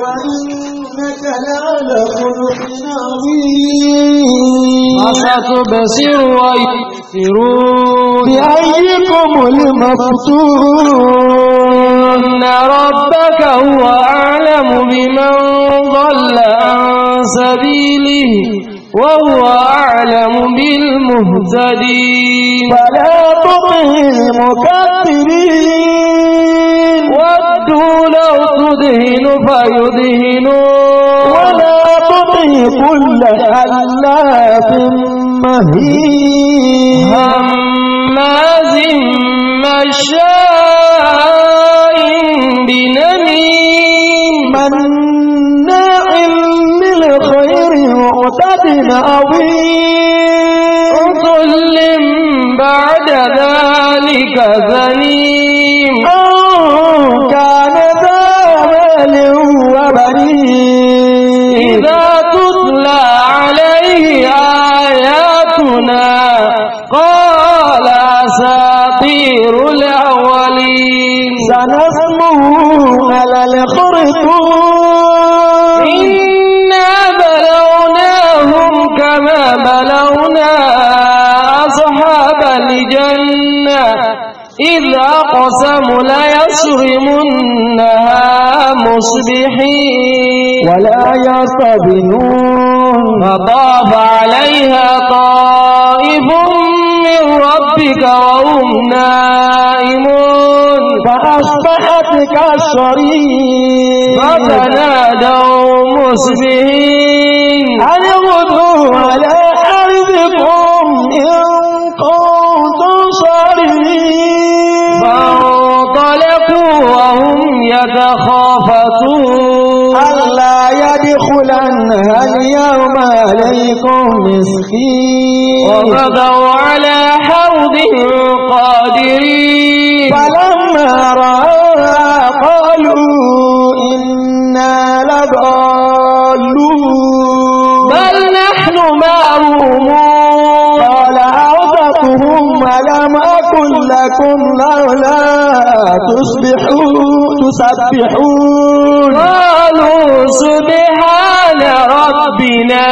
وإنك لعلى خلق عظيم فستبصر ويبصرون بأيكم المفتون إن ربك هو أعلم بمن ضل عن سبيله وهو أعلم بالمهتدين فلا تطع المكذبين ودوا لو تدهن فيدهنون ولا تطيع كل حلاف مهين هماز مشاء بنميم مناع للخير معتد عظيم عقل بعد ذلك زنيم كان ذا مال وبنين إذا تتلى عليه آياتنا قال أساطير الأولين سنسمه على الخرطوم إنا بلوناهم كما بلونا أصحاب الجنة إذا لا يصرمنها مصبحين ولا يصبنون فطاف عليها طائف من ربك وهم نائمون فأصبحت كالصريم فتنادوا مصبحين أن يغدوا عليها مخافة ألا يدخلنها اليوم عليكم مسكين وبدوا على حوضهم قادرين فلما رأى قالوا إنا لضالون بل نحن مارومون قال أعطتهم ولم أكن لكم لولا تصبحون تسبحون قالوا سبحان ربنا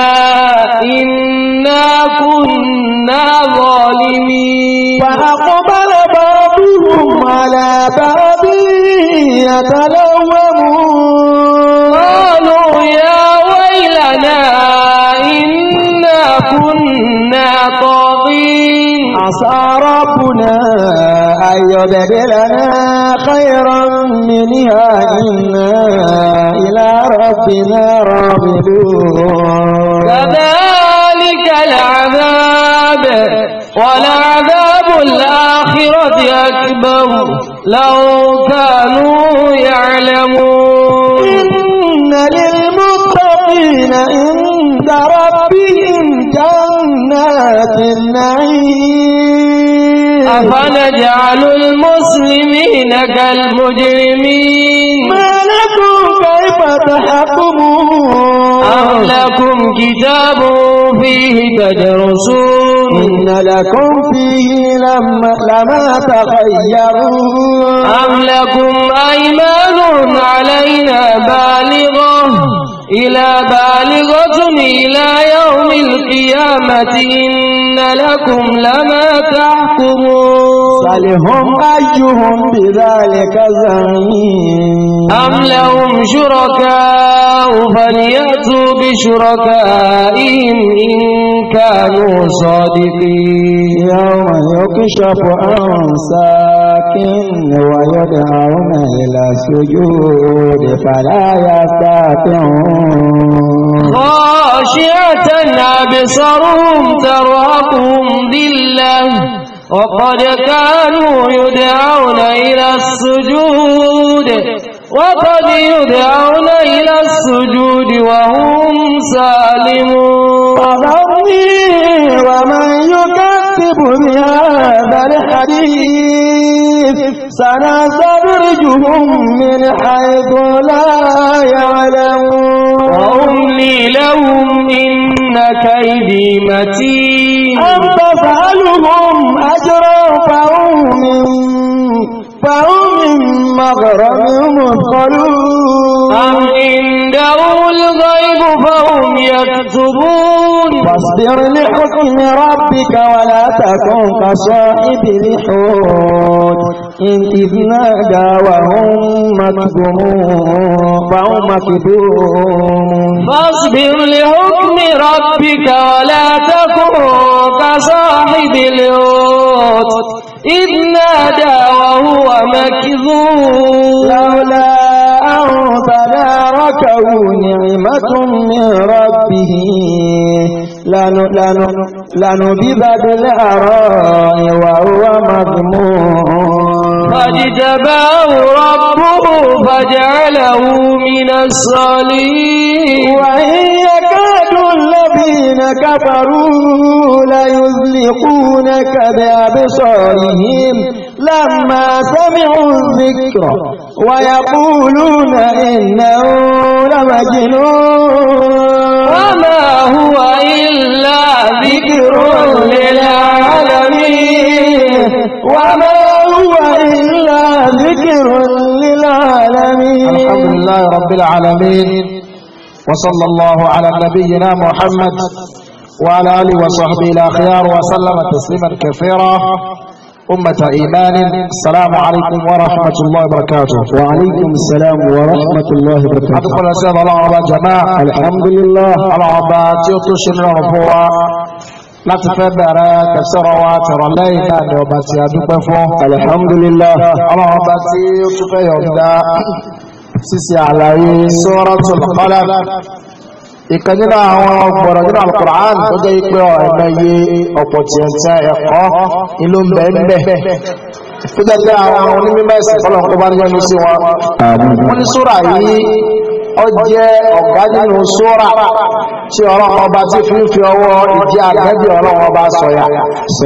إنا كنا ظالمين فأقبل بعضهم على بعض يتلومون قالوا يا ويلنا إنا كنا طاغين عسى ربنا أن يبدلنا خيرا منها إنا إلى ربنا راغبون كذلك العذاب ولعذاب الآخرة أكبر لو كانوا يعلمون إن للمتقين عند ربهم جنات النعيم أفنجعل المسلمين كالمجرمين ما لكم كيف تحكمون أم لكم كتاب فيه تدرسون إن لكم فيه لما, لما تخيرون أم لكم أيمان علينا بالغة إلى بالغة إلى يوم القيامة إن لكم لما تحكمون سألهم أيهم بذلك زمين أم لهم شركاء فليأتوا بشركائهم إن كانوا صادقين يوم يكشف عن ويدعون إلى السجود فلا يستطيعون خاشعة أبصرهم ترهقهم ذلة وقد كانوا يدعون إلى السجود وقد يدعون إلى السجود وهم سالمون ومن يكذب بهذا الحديث سنستدرجهم من حيث لا يعلمون وأملي لهم إن كيدي متين أم تسألهم أجرا فهم من, فهم من مغرم مثقلون قوم يكتبون فاصبر لحكم ربك ولا تكن كصاحب الحوت إن إذ نادى وهم مكذومون فهم مكذومون فاصبر لحكم ربك ولا تكن كصاحب الحوت إذ نادى وهو مكذوم لولا فباركه نعمة من ربه لنبذ بالعراء وهو مضمون فاجتباه ربه فجعله من الصالحين وإن يكاد الذين كفروا ليزلقونك بأبصارهم لما سمعوا الذكر ويقولون إنه لمجنون وما هو إلا ذكر للعالمين وما هو إلا ذكر للعالمين الحمد لله رب العالمين وصلى الله على نبينا محمد وعلى آله وصحبه الأخيار وسلم تسليما كثيرا أمة إيمان السلام عليكم ورحمة الله وبركاته وعليكم السلام ورحمة الله وبركاته أدخل سيد الله عبا جماعة الحمد لله العبا تيوتو شمر رفوع لا تفبر تفسير واتر لينا نوباتي أدوبفو الحمد لله العبا تيوتو فيهم دا سيسي على سورة القلم ìkan nínú àwọn ọgbọ̀rọ̀ nínú alukur'an tó jẹ́ ipé ọ̀rẹ́mẹ́ yé ọ̀pọ̀ tí ẹ̀ tí ẹ̀kọ́ ìlú bẹ̀ẹ̀bẹ̀ tó jẹ́ pé àwọn onímọ̀ ẹ̀sìn fọlọ́nkọ́ bá níyànjú sí wọn wọ́n ní sóra yìí ó jẹ́ ọ̀gá nínú sóra tí ọlọ́run ọba ti fi ń fi ọwọ́ ìdí àgbẹ́bí ọlọ́run ọba sọ̀yà tí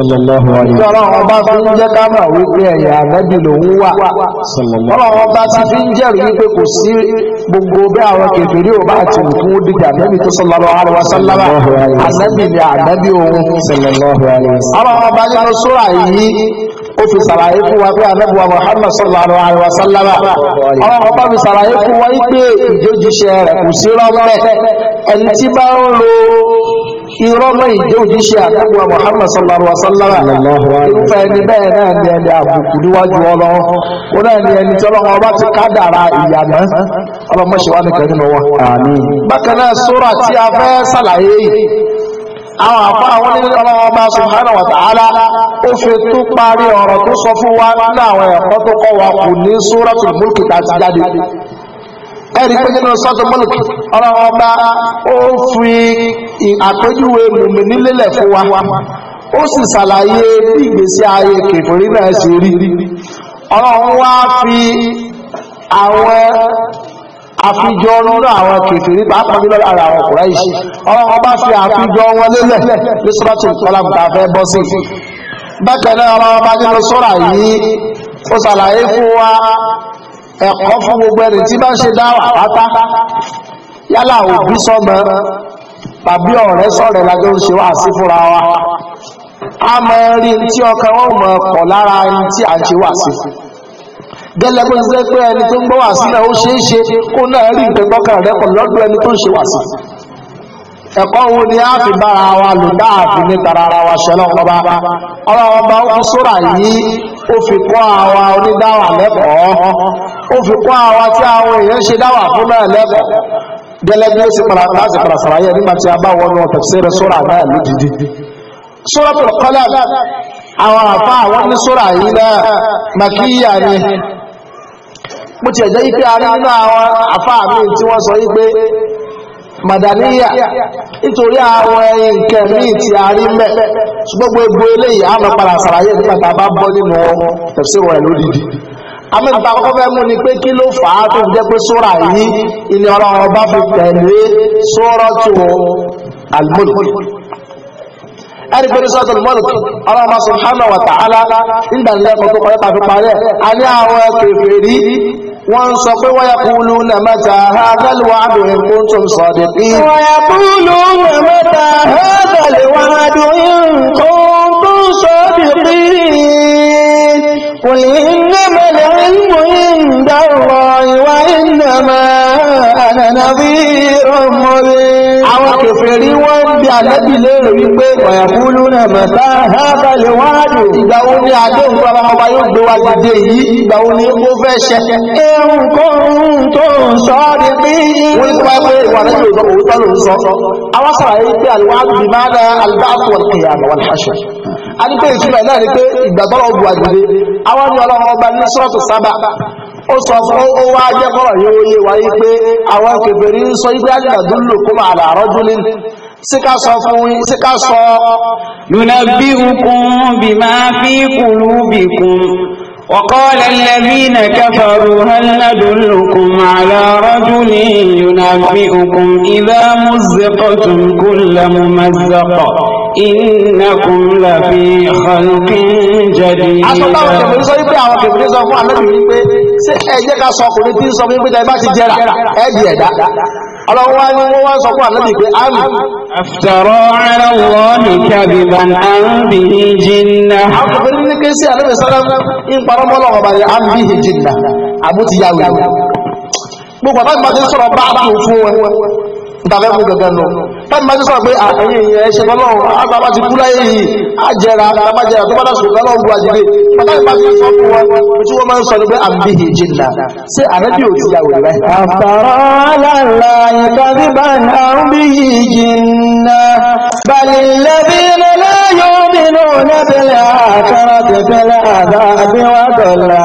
ọlọ́run ọba fi ń jẹ́ ká mọ̀ wípé ẹ̀yà àgbẹ́bí lòun wà ọlọ́run ọba ti fi ń jẹ́rìí wípé kò sí gbogbo bí àwọn kèfèrí ò bá ti wù fún tó sallallahu alaihi wasallam àgbẹ́bí ni àgbẹ́bí òun ọlọ́run ọba nínú sóra yìí ó fi sàlàyé fún wa pé anábùwà Muhammad sallallahu alaihi wa sallama ọlọ́run ọba fi sàlàyé fún wa pé ìjójúṣe rẹ̀ kò sí rọ́mẹ́ ẹni tí bá ń lo irọ́mẹ́ ìjójúṣe anábùwà Muhammad sallallahu alaihi wa sallama irúfẹ́ ẹni bẹ́ẹ̀ náà ni ẹni àbùkù níwájú ọlọ́run ó náà ni ẹni tí ọlọ́run ọba ti kádàrà ìyàmẹ́ ọlọ́mọṣẹ́wá nìkan nínú wa. bákan náà sóra tí a fẹ́ sàlàyé yìí àwọn àfá àwọn nílé ọlọ́wọ́ bá subhanahu wa ta'ala ó fi tó parí ọ̀rọ̀ tó sọ fún wa ní àwọn ẹ̀kọ́ tó kọ́ wa kù ní suratul mulk tàbí jáde ẹ̀rí pé nínú suratul mulk ọlọ́wọ́ ó fi àpéjúwe mùmí nílélẹ̀ fún wa ó sì ṣàlàyé bí ìgbésí ayé kèfèrí náà ṣe rí ọlọ́wọ́ wá fi àwọn àfijọ nínú àwọn kèfèrí pàápàá nínú ara àwọn Kùráìṣì ọlọ́run ọba fi àfijọ wọn lélẹ̀ ní sọ́dọ̀tì kọlámùtà fẹ́ bọ́ sí bákan náà ọlọ́run ọba nínú sọ́ra yìí ó ṣàlàyé fún wa ẹ̀kọ́ fún gbogbo ẹni tí bá ń ṣe dáwà pátá yálà òbí sọ́mọ tàbí ọ̀rẹ́ sọ̀rẹ́ lájọ́ ń ṣe wá sí fúnra wa a mọ rí tí ọkàn wọn mọ ọkọ̀ lára ẹni tí à ń ṣe wá sí fún gẹ́lẹ́ bó ṣe pé ẹni tó ń gbọ́ wàásù náà ó ṣeé ṣe kó náà rí ìgbẹ́gbọ́kàn rẹ̀ pọ̀ lọ́dọ̀ ẹni tó ń ṣe wàásù ẹ̀kọ́ wo ni a fi bára wa lò dáàbì níta ara wa ṣẹlẹ̀ ọba ọlọ́wọ́ bá ń sóra yìí ó fi kọ́ àwa onídáwà lẹ́kọ̀ọ́ ó fi kọ́ àwa tí àwọn èèyàn ṣe dáwà fún náà lẹ́kọ̀ọ́ gẹ́lẹ́ bí ó sì para láti para sàráyẹ nígbà tí a bá wọnú tafsir sóra náà lódìdí Suratul Qalam àwọn àfa àwọn ní sóra yìí náà màkíyà ni bó ti ẹ̀jẹ́ ipé arí nínú àwọn àfáà tí madaniya nítorí àwọn ẹyin nǹkan míì tí a ṣùgbọ́n gbogbo eléyìí a máa padà ṣàlàyé nígbà tá a bá bọ́ nínú tafsir rẹ̀ lódìdí amẹ́ta kọ́kọ́ fẹ́ mú ni pé kí ló fà á tó jẹ́ pé sóra yìí ìní fi tẹ̀lé ẹni pé ní nígbà nílẹ̀ kọ́kọ́ wọ́n sọ pé wọ́n yẹkùlù nàmẹ́ta hàgàlùwà àdùn ìkúntùm sọ̀dẹ̀kì. wọ́n yẹkùlù nàmẹ́ta hàgàlùwà àdùn ìkúntùm sọ̀dẹ̀kì. قل إنما العلم عند الله وإنما أنا نذير مبين kèfèrí wọ́n ń bí àlẹ́bì lérò wípé ọ̀yàkúlú náà mẹ́ta hábàlẹ̀ wáàdù ìgbà wo ni àdéhùn bàbá ọba yóò gbé wa dìde yìí ìgbà wo ni ó fẹ́ ṣẹ ẹ̀hùn kọ́rùn tó ń sọ ọ́ di pé wọ́n ti wáyé pé ìwà náà yóò gbọ́ òótọ́ ló ń sọ àwọn sàrà yìí pé àlùwádù bí máa na albáàtù wọn kìyà àwọn aláṣọ a ní pé ìtumọ̀ náà ni ó sọ fún ó wá jẹ́ kọ́rọ̀ yóò yé wa yí pé àwọn kèbèrè ń sọ ibi àdàdúlò kó máa làárọ̀ dúlé síká sọ fún yín síká sọ. yunabbi'ukum bima fi qulubikum. وقال الذين كفروا هل ندلكم على رجل ينبئكم إذا مزقتم كل ممزق إنكم لفي خلق جديد ọlọ́run wá ní wọ́n wá sọ fún àmẹ́bì pé àmì. aftara ala Allahi kadhiban am bihi jinnah. àwọn ké sí àlẹ́ ìsọ́lá ń parọ́ mọ́lọ́ ọ̀bà rẹ̀ àmì ìhè jìnnà àmú ti yá wẹ̀ gbogbo àbájáde sọ̀rọ̀ bá àbá òfin wọn ìtàfẹ́ fún gẹ̀gẹ̀ nù tábà ti sọ̀rọ̀ pé àtẹ̀yìn ìyẹn ẹ̀ṣẹ̀ ọlọ́run àbábá ti kú láyé yìí àjẹrà àbábá jẹrà tó bá dà sùn lọ́wọ́ bu àjẹrè pátá ìbá ti sọ fún wọn ojú wọn máa ń sọ ní pé àbí ìjì nà ṣé àrẹ́bí ò ti ya wèrè báyìí. àbàrọ̀ lálá ìkàdí bá nà ń bí ìjì nà balẹ̀ lẹ́bí lọ́lá yóò bínú nẹ́bẹ̀lẹ̀ àkàrà tẹ̀fẹ̀lẹ̀ àbá àbíwádọ́lá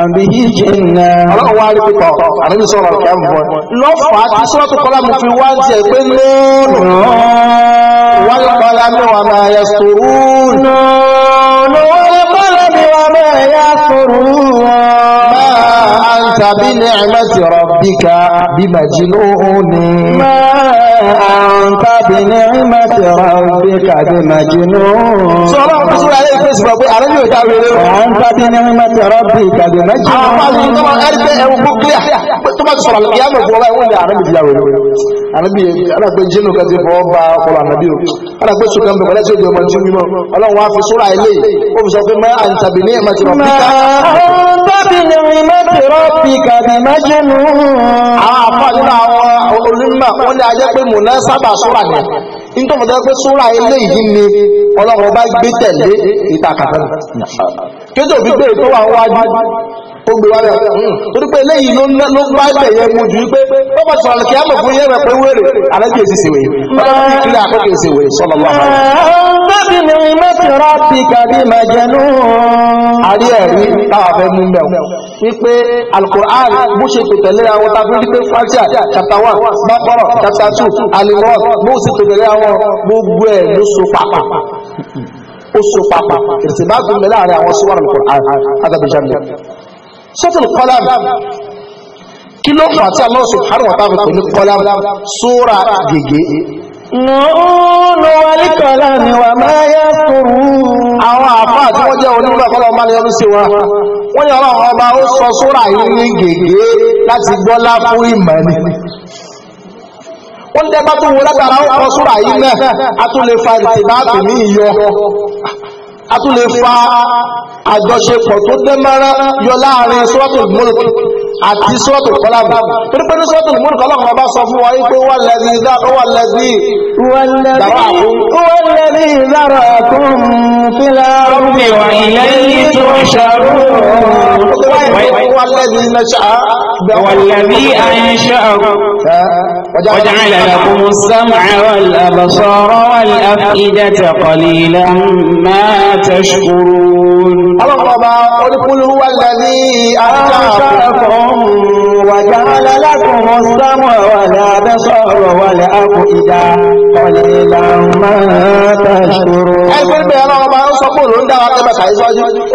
àbíyí jìnnà. ọlọ́run wá rí pípa àrẹ́bí sọ̀rọ̀ àkẹ́ ń bọ̀. lọ́fà tí sọ́ọ̀tù kọ́lá mi fi wá tiẹ̀ pé lóòrò. wọ́n lè kọ́lá wà máa yẹ sùúrù. lọ́wọ́ lè kọ́lá mi wà máa yẹ sùúrù anta bi ni'mati rabbika bi majnuni. ma anta bi ni'mati rabbika bi majnuni. sọlá ń sọ̀rọ̀ ayé ìpèsè bọ̀ pé àrẹ yóò dá wẹrẹ. anta bi ni'mati rabbika bi majnuni. àwọn àti ìtọ́wọ́ ẹ̀rí pé ẹ̀wù kú clear tó bá ti sọ̀rọ̀ àlùkí àmọ̀ fún ọba ẹ̀wọ̀n ni àrẹ́bì ti yàwó àrẹ́bì alágbé jẹ́nu kan ti fọwọ́ ba ọkọlọ ànábì o alágbé sùn kan bẹ̀rẹ̀ tí ó jẹ́ ọmọ tí ó mímọ́ ọlọ́run wá fi súra ilé ó fi sọ pé má àǹtàbí ní ẹ̀mà ti rọ̀ píkà. tábì ní ìmọ̀ ti rọ̀ píkà ní májèlú. àwọn àfààní àwọn onímọ̀ ó gbé wá bẹ́ẹ̀ hmm. torí pé eléyìí ló ló bá ibẹ̀ yẹn mu jù pé bọ́bá sọ àlùkí àmọ̀ fún yẹn rẹ̀ pé wéèrè àlẹ́bí èsì sì wèé bọ́bá fi kílẹ̀ àkókò èsì wèé sọ́lọ́ lọ́wọ́. bẹ́ẹ̀ni ni mẹ́tì rọ́ọ̀tì kàbí máa jẹnu. àrí ẹ̀rí táwa fẹ́ mú mẹ́wọ̀ wípé alukur'an bó ṣe kò tẹ̀lé àwọn tá a fi wípé fatia chapter one bákọ́rọ̀ chapter two alimọ́ọ̀ bó ṣe kò tẹ̀lé àwọn gbogbo ẹ̀ ló so pàpà ó so pàpà ìrètí bá gùn mẹ́lẹ́ àárín àwọn sọ́wọ́n alukur'an adábíjáde sọ́tùlù kọ́lámù kí ló fà tí Allah subhanahu wa ta'ala pẹ̀lú kọ́lámù sóra gègé. nùnú wálé kọ́lámù wà máa yá kúrú. àwọn àfa àti wọ́n jẹ́ onígbà kọ́lá ọmọ alẹ́ ọdún sí wa wọ́n ní ọlọ́run ọba ó sọ sóra yìí ní gègé láti gbọ́lá fún ìmọ̀ ni wọ́n tẹ́ tó wọlé dára ó kọ sóra yìí náà a tún lè fa ìtìbá tèmí yọ a tún lè fa àjọṣepọ̀ tó dé mọ́rán yọ láàrin suratul mulk àti suratul qalam torí pé ní suratul mulk ọlọ́run ọba sọ fún wa wípé wà lẹ́ni ìdárọ̀ wà lẹ́ni ìdárọ̀ fílẹ̀ wà lẹ́ni ìdárọ̀ wà وجعل لكم السمع والأبصار والأفئدة قليلا ما تشكرون قل هو الذي أنشأكم وجعل لكم السمع والأبصار والأفئدة قليلا ما تشكرون أي فيلم يا رب أنا أصبر لهم دعوة ما سعيد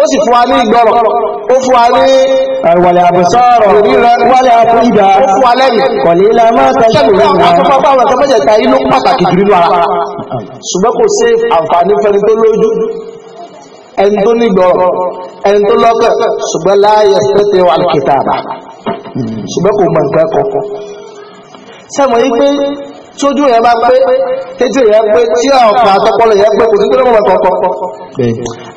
ó sì fún wa ní ìgbọ́rọ̀ ó fún wa ní wàlẹ̀ àbùsọ̀rọ̀ wàlẹ̀ àbúidà kọ̀lẹ̀ ilẹ̀ máa tẹ̀sí ìlú àwọn akọ́kọ́ àwọn akọ́kọ́ jẹ́ ta inú pàtàkì jù nínú ara ṣùgbọ́n kò sí àǹfààní fẹ́ni tó lójú ẹni tó nígbọ̀rọ̀ ẹni tó lọ́kẹ̀ ṣùgbọ́n láàyè ṣẹ́tẹ̀ wà ní kìtàbà ṣùgbọ́n kò mọ̀ nǹkan kọ̀ọ̀kan sẹ́mọ̀ yí pé tójú yẹn bá pé téjú yẹn pé tí ọ̀pá àtọpọlọ yẹn pé kò sí gbọ́dọ̀ mọ̀ kọ̀ọ̀kan.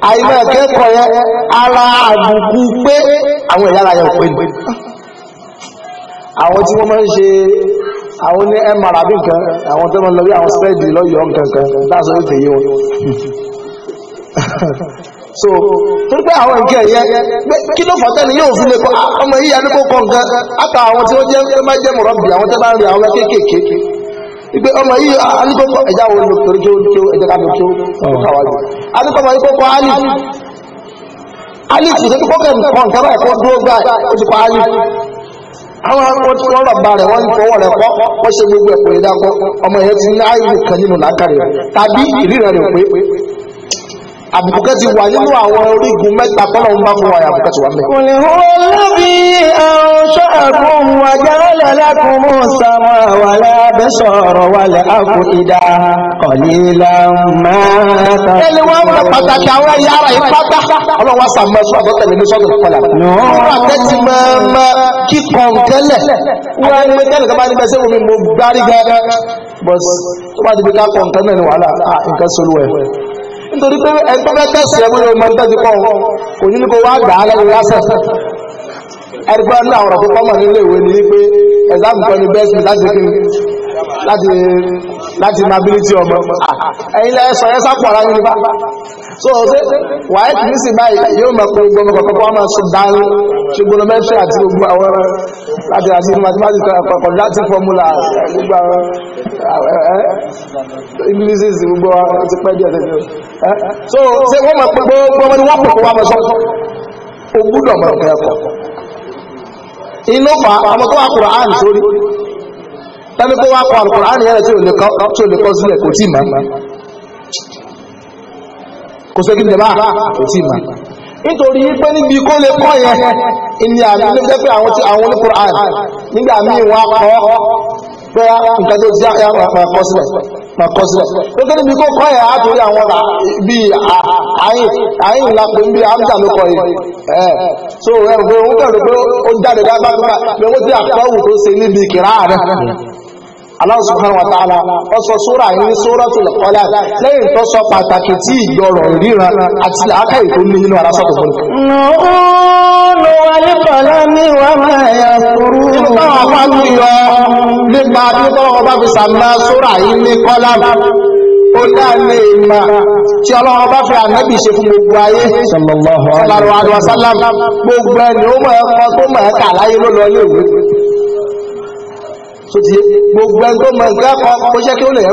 àìmọ̀ ẹ̀kẹ́kọ̀ọ́ yẹn ara àbùkù pé àwọn ẹ̀yà ara yẹn ò pé ni. àwọn tí wọ́n máa ń ṣe àwọn ní mr àbí nǹkan àwọn tó máa ń lọ bí àwọn spẹ́ẹ̀dì lọ́yọ̀ọ́ nǹkan kan dáṣọ ó wọn so tó pé àwọn nǹkan ẹ̀yẹ pé kí ló fọ́ tẹ́lẹ̀ yóò fi lè kọ́ ọmọ yíya ní kó kọ́ nǹkan àtà àwọn tí wọ́n jẹ́ máa jẹ́ mọ̀rọ́bì àwọn tẹ́ bá ń rí àwọn kéékèèké ìpé ọmọ yìí alíkọ́kọ́ ẹ̀jáwó ló torí kí ó kí ó ẹ̀jẹ́ káàkiri kí ó kàwájú alíkọ́kọ́ ikọ́kọ́ alì alì tó nǹkan ẹ̀kọ́ dúró alì àwọn rẹ̀ wọ́n fọwọ́ rẹ̀ kọ́ wọ́n ṣe gbogbo ẹ̀kọ́ ìdákọ́ ọmọ yẹn ti ní kan nínú àbùkù kan ti wà nínú àwọn orígun mẹ́ta tọ́lọ̀ ń bá fún wa àbùkù kan ti wà mẹ́. kò lè hó lóbi àrùnṣọ́ ẹ̀kún wàjà ọ̀lẹ́lẹ́kùn mú sàmà wàlẹ́ abẹ́sọ̀rọ̀ wàlẹ́ àkó ìdá kọ̀lílà máa ẹni wọn bá pàtàkì àwọn ẹ̀yà ara yìí pátá ọlọ́run wa sàmọ́ sọ àbọ̀tẹ̀ nínú sọ́dọ̀ kọlà. nígbà tẹ́tí máa máa kíkọ nítorí pé ẹgbẹ́ bẹ́ tẹ̀sí ẹ̀mú ni ọmọ ìtọ́jú kọ́ kò ní kó wá gbà á lẹ́nu lásán ẹgbẹ́ ní àwọn ọ̀rọ̀ tó kọ́mọ̀ nílé ìwé ni pé ẹ̀sáàmù kan ni bẹ́ẹ̀sì láti kí láti láti mability ọmọ ẹ̀yin lẹ́yìn sọ yẹn sápò ara yín bá so ṣe wàá kì í sì báyìí yóò mọ̀ pé gbogbo ọmọ kọ̀ọ̀kan máa sùn dáhùn ṣùgbọ́n mẹ́tírì àti gbogbo àwọn láti àti mathematics kọ̀ọ̀kan láti formula gbogbo àwọn English gbogbo ti pẹ́ díẹ̀ tẹ̀lé so ṣe wọ́n mọ̀ pé gbogbo ọmọ ni wọ́n pè sọ o gbúdọ̀ mọ̀ ọ̀kẹ́ ẹ̀kọ́ inú fa ọmọ tó wà sórí tó wà kọ́ àlùkùrọ̀ yẹn sílẹ̀ kò tí kò sí kò tí nítorí pé níbi kó lè kọ́ yẹn ìní àmì ló jẹ́ pé àwọn tí àwọn nígbà míì kọ́ pé nǹkan tó ti ma kọ sílẹ̀ lókè níbi kó kọ́ ẹ̀ àtòrí àwọn bíi àyìn ńlá pé bí amúta ló kọ so ẹ̀ pé òun kẹ̀lú pé ó jáde dáadáa pé ó ti àkọ́wù tó ṣe níbi kìrá rẹ̀ Allah subhanahu wa ta'ala ó sọ yìí ní lẹ́yìn tó sọ pàtàkì tí ìgbọràn ríran àti àkàyè tó ní inú ara fún mi. nípa bí tọ́wọ́ bá fi sàmà sóra yìí ní kọ́lá ó dáàlé ìmà e tí ọlọ́wọ́ bá fi ànábì ṣe fún gbogbo ayé sallallahu alaihi wasallam gbogbo ẹni ó mọ̀ ẹ̀kọ́ tó mọ̀ ẹ̀kà láyé ló lọ léwu gbogbo ẹni tó mọ̀ ẹ̀kọ́ kó jẹ́ kí ó lè yẹ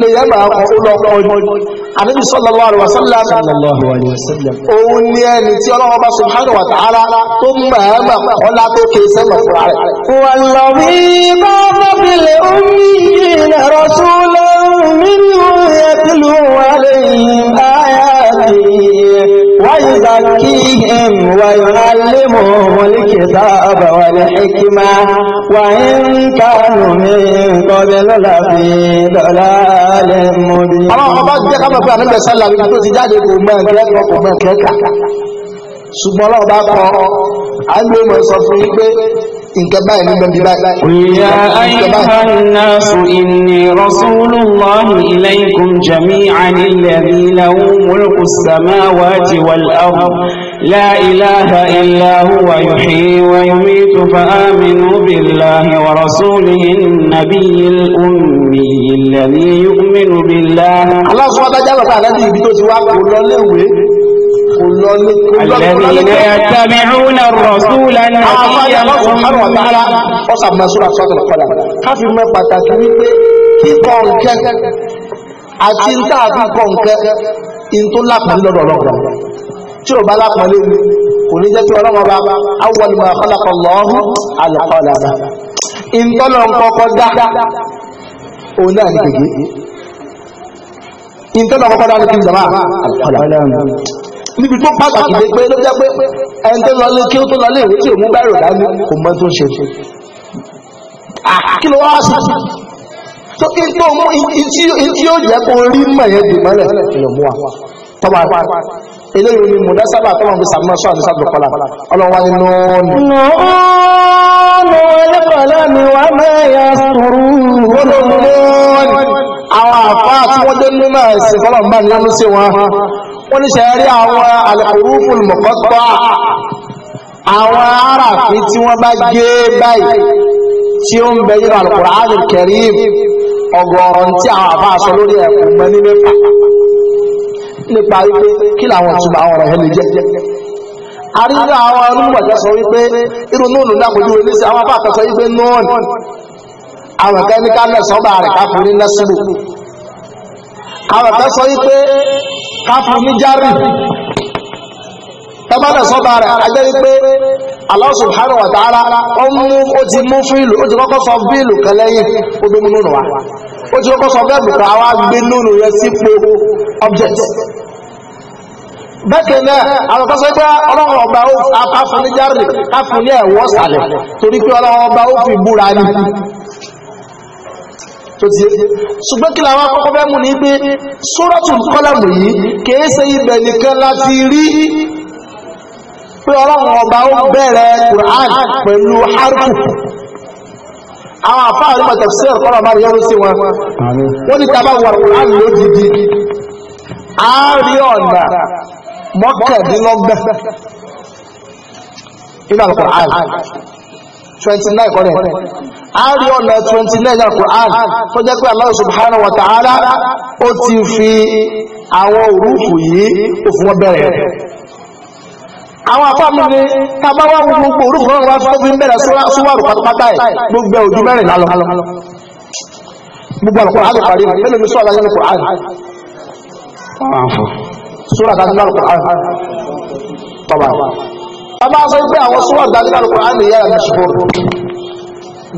lè yẹ máa kọ ọlọ́pọ̀ ọdún ànábì sallallahu alaihi wasallam òun ni ẹni tí ọlọ́wọ́ bá subhanahu wa ta'ala tó máa mà ọlá tó ké sẹ́nà fúnra rẹ̀. wàlọ́bí bá bàbílẹ̀ omi ìrìnà rọ́ṣúlẹ̀ nínú ẹ̀dínlù àlẹ́yìn ayáàbí wáyé zakihim wáyé alẹ́mọ̀ọ́. والكتاب والحكمة وإن كانوا من قبل لفي ضلال مبين الله أبا جاء كما قال النبي صلى الله عليه وسلم تجاهد أمان كلك وأمان كلك ṣùgbọ́n ọlọ́ọ̀bá kan á ń gbé mọ̀ sọ fún yí pé nǹkan báyìí ló lọ́bi báyìí. Ya ayyuhan nasu inni rasulullahi ilaykum jami'an alladhi lahu mulku samawati wal ard la ilaha illa huwa yuhyi wa yumitu fa aminu billahi wa rasulihi an-nabiyil ummi alladhi yu'minu billahi. Allah subhanahu wa ta'ala bá aláàbí ibi tó ti wá kó lọ léwèé. الذين يتبعون الرسول النبي سبحانه وتعالى ọsàn masúra sọ́tọ̀ kọ́lá káfí mọ́ pàtàkì wípé kíkọ́ nǹkan àti ń tààbí kọ́ nǹkan in tó lápàlẹ́ lọ́dọ̀ ọlọ́gbọ̀n tí ò bá lápàlẹ́ ni kò ní jẹ́ kí ọlọ́wọ́ bá awwal ma khalaqa Allahu al-qalam dá òun náà ní gègé in tọ́lọ̀ dá ní kí n jàmá al-qalam níbi tó pàtàkì dé pé ló jẹ́ pé ẹni tó lọlé kí ó tó lọlé ìwé tí ò mú báyìí dání kò mọ tó ń ṣe kí ló wá sí tó kí tó mú ìtí ó jẹ́ kó rí mọ̀ yẹn dì mọ́lẹ̀ èèyàn mú wa tọ́wà eléyìí ni mùdá sábà tọ́wọ́n fi sàmúná sọ àdúsá tó kọ́lá ọlọ́wà ni nọ́ọ̀nù. nọ́ọ̀nù ni wà mẹ́yà sọ̀rọ̀. olùkọ́lá àwọn àfáà tí wọ́n dé nínú ẹ̀sìn fọlọ́mbà ní ọmọ sí wọn wọ́n ní sẹ́rí àwọn alhuruful muqatta àwọn aráàfi tí wọ́n bá gé báyìí tí ó ń bẹ yíra al-Qur'an al-Karim ọgọ́rọ̀ tí àwọn àfáà sọ lórí ẹ̀kọ́ mọ́ ní mẹ́fà nípa wípé kí làwọn ìtumọ̀ àwọn ọ̀rọ̀ yẹn lè jẹ́ àríwá àwọn olùmọ̀jọ́ sọ wípé irú nóònù náà kò níṣẹ́ àwọn afáà sọ wípé nóònù àwọn kan ní ká lẹ̀ sọ́ba rẹ̀ káfíń ní násìlù àwọn kan sọ wípé káfù ní járì tọ́bálẹ̀ sọ́bà rẹ̀ ajẹ́ wípé Allah subhanahu wa ta'ala ó mú ó ti mú fún ìlú ó ti kọ́kọ́ sọ bí ìlú kan lẹ́yìn ó gbé mú nínú wa ó ti kọ́kọ́ sọ bẹ́ẹ̀ bùkún àwa gbé nínú rẹ̀ sípò object bẹ́ẹ̀ náà àwọn kan pé ọlọ́run ọba ó afúnijárì káfù ní ẹ̀wọ́ sàlẹ̀ torí pé ọlọ́run ọba ó fi búra ni tó ti ṣùgbọ́n kí làwọn akọ́kọ́ fẹ́ mú ní pé suratul qalam yìí kìí ṣe ibẹ̀ nìkan láti rí pé ọlọ́run ọba ó bẹ̀rẹ̀ Qur'an pẹ̀lú harfu àwọn àfáà nípa tafsir ọ̀rọ̀ ọba rẹ̀ yọrù sí wọn wọ́n ní tàbá wà Qur'an lódìdí a rí ọ̀nà mọ́kàndínlọ́gbẹ̀ nínú Al-Qur'an twenty nine kọ́ni a rí ọ̀nà twenty nine al Allah subhanahu wa ta'ala ti fi àwọn òrùfù yìí òfin wọn bẹ̀rẹ̀ àwọn afáàmì ni tábà gbogbo òrùfù náà wá tó nbere gbogbo gbogbo sura bàbá sọ pé àwọn súrà dájú lálùkù àmì yára mẹ́ṣùgbọ́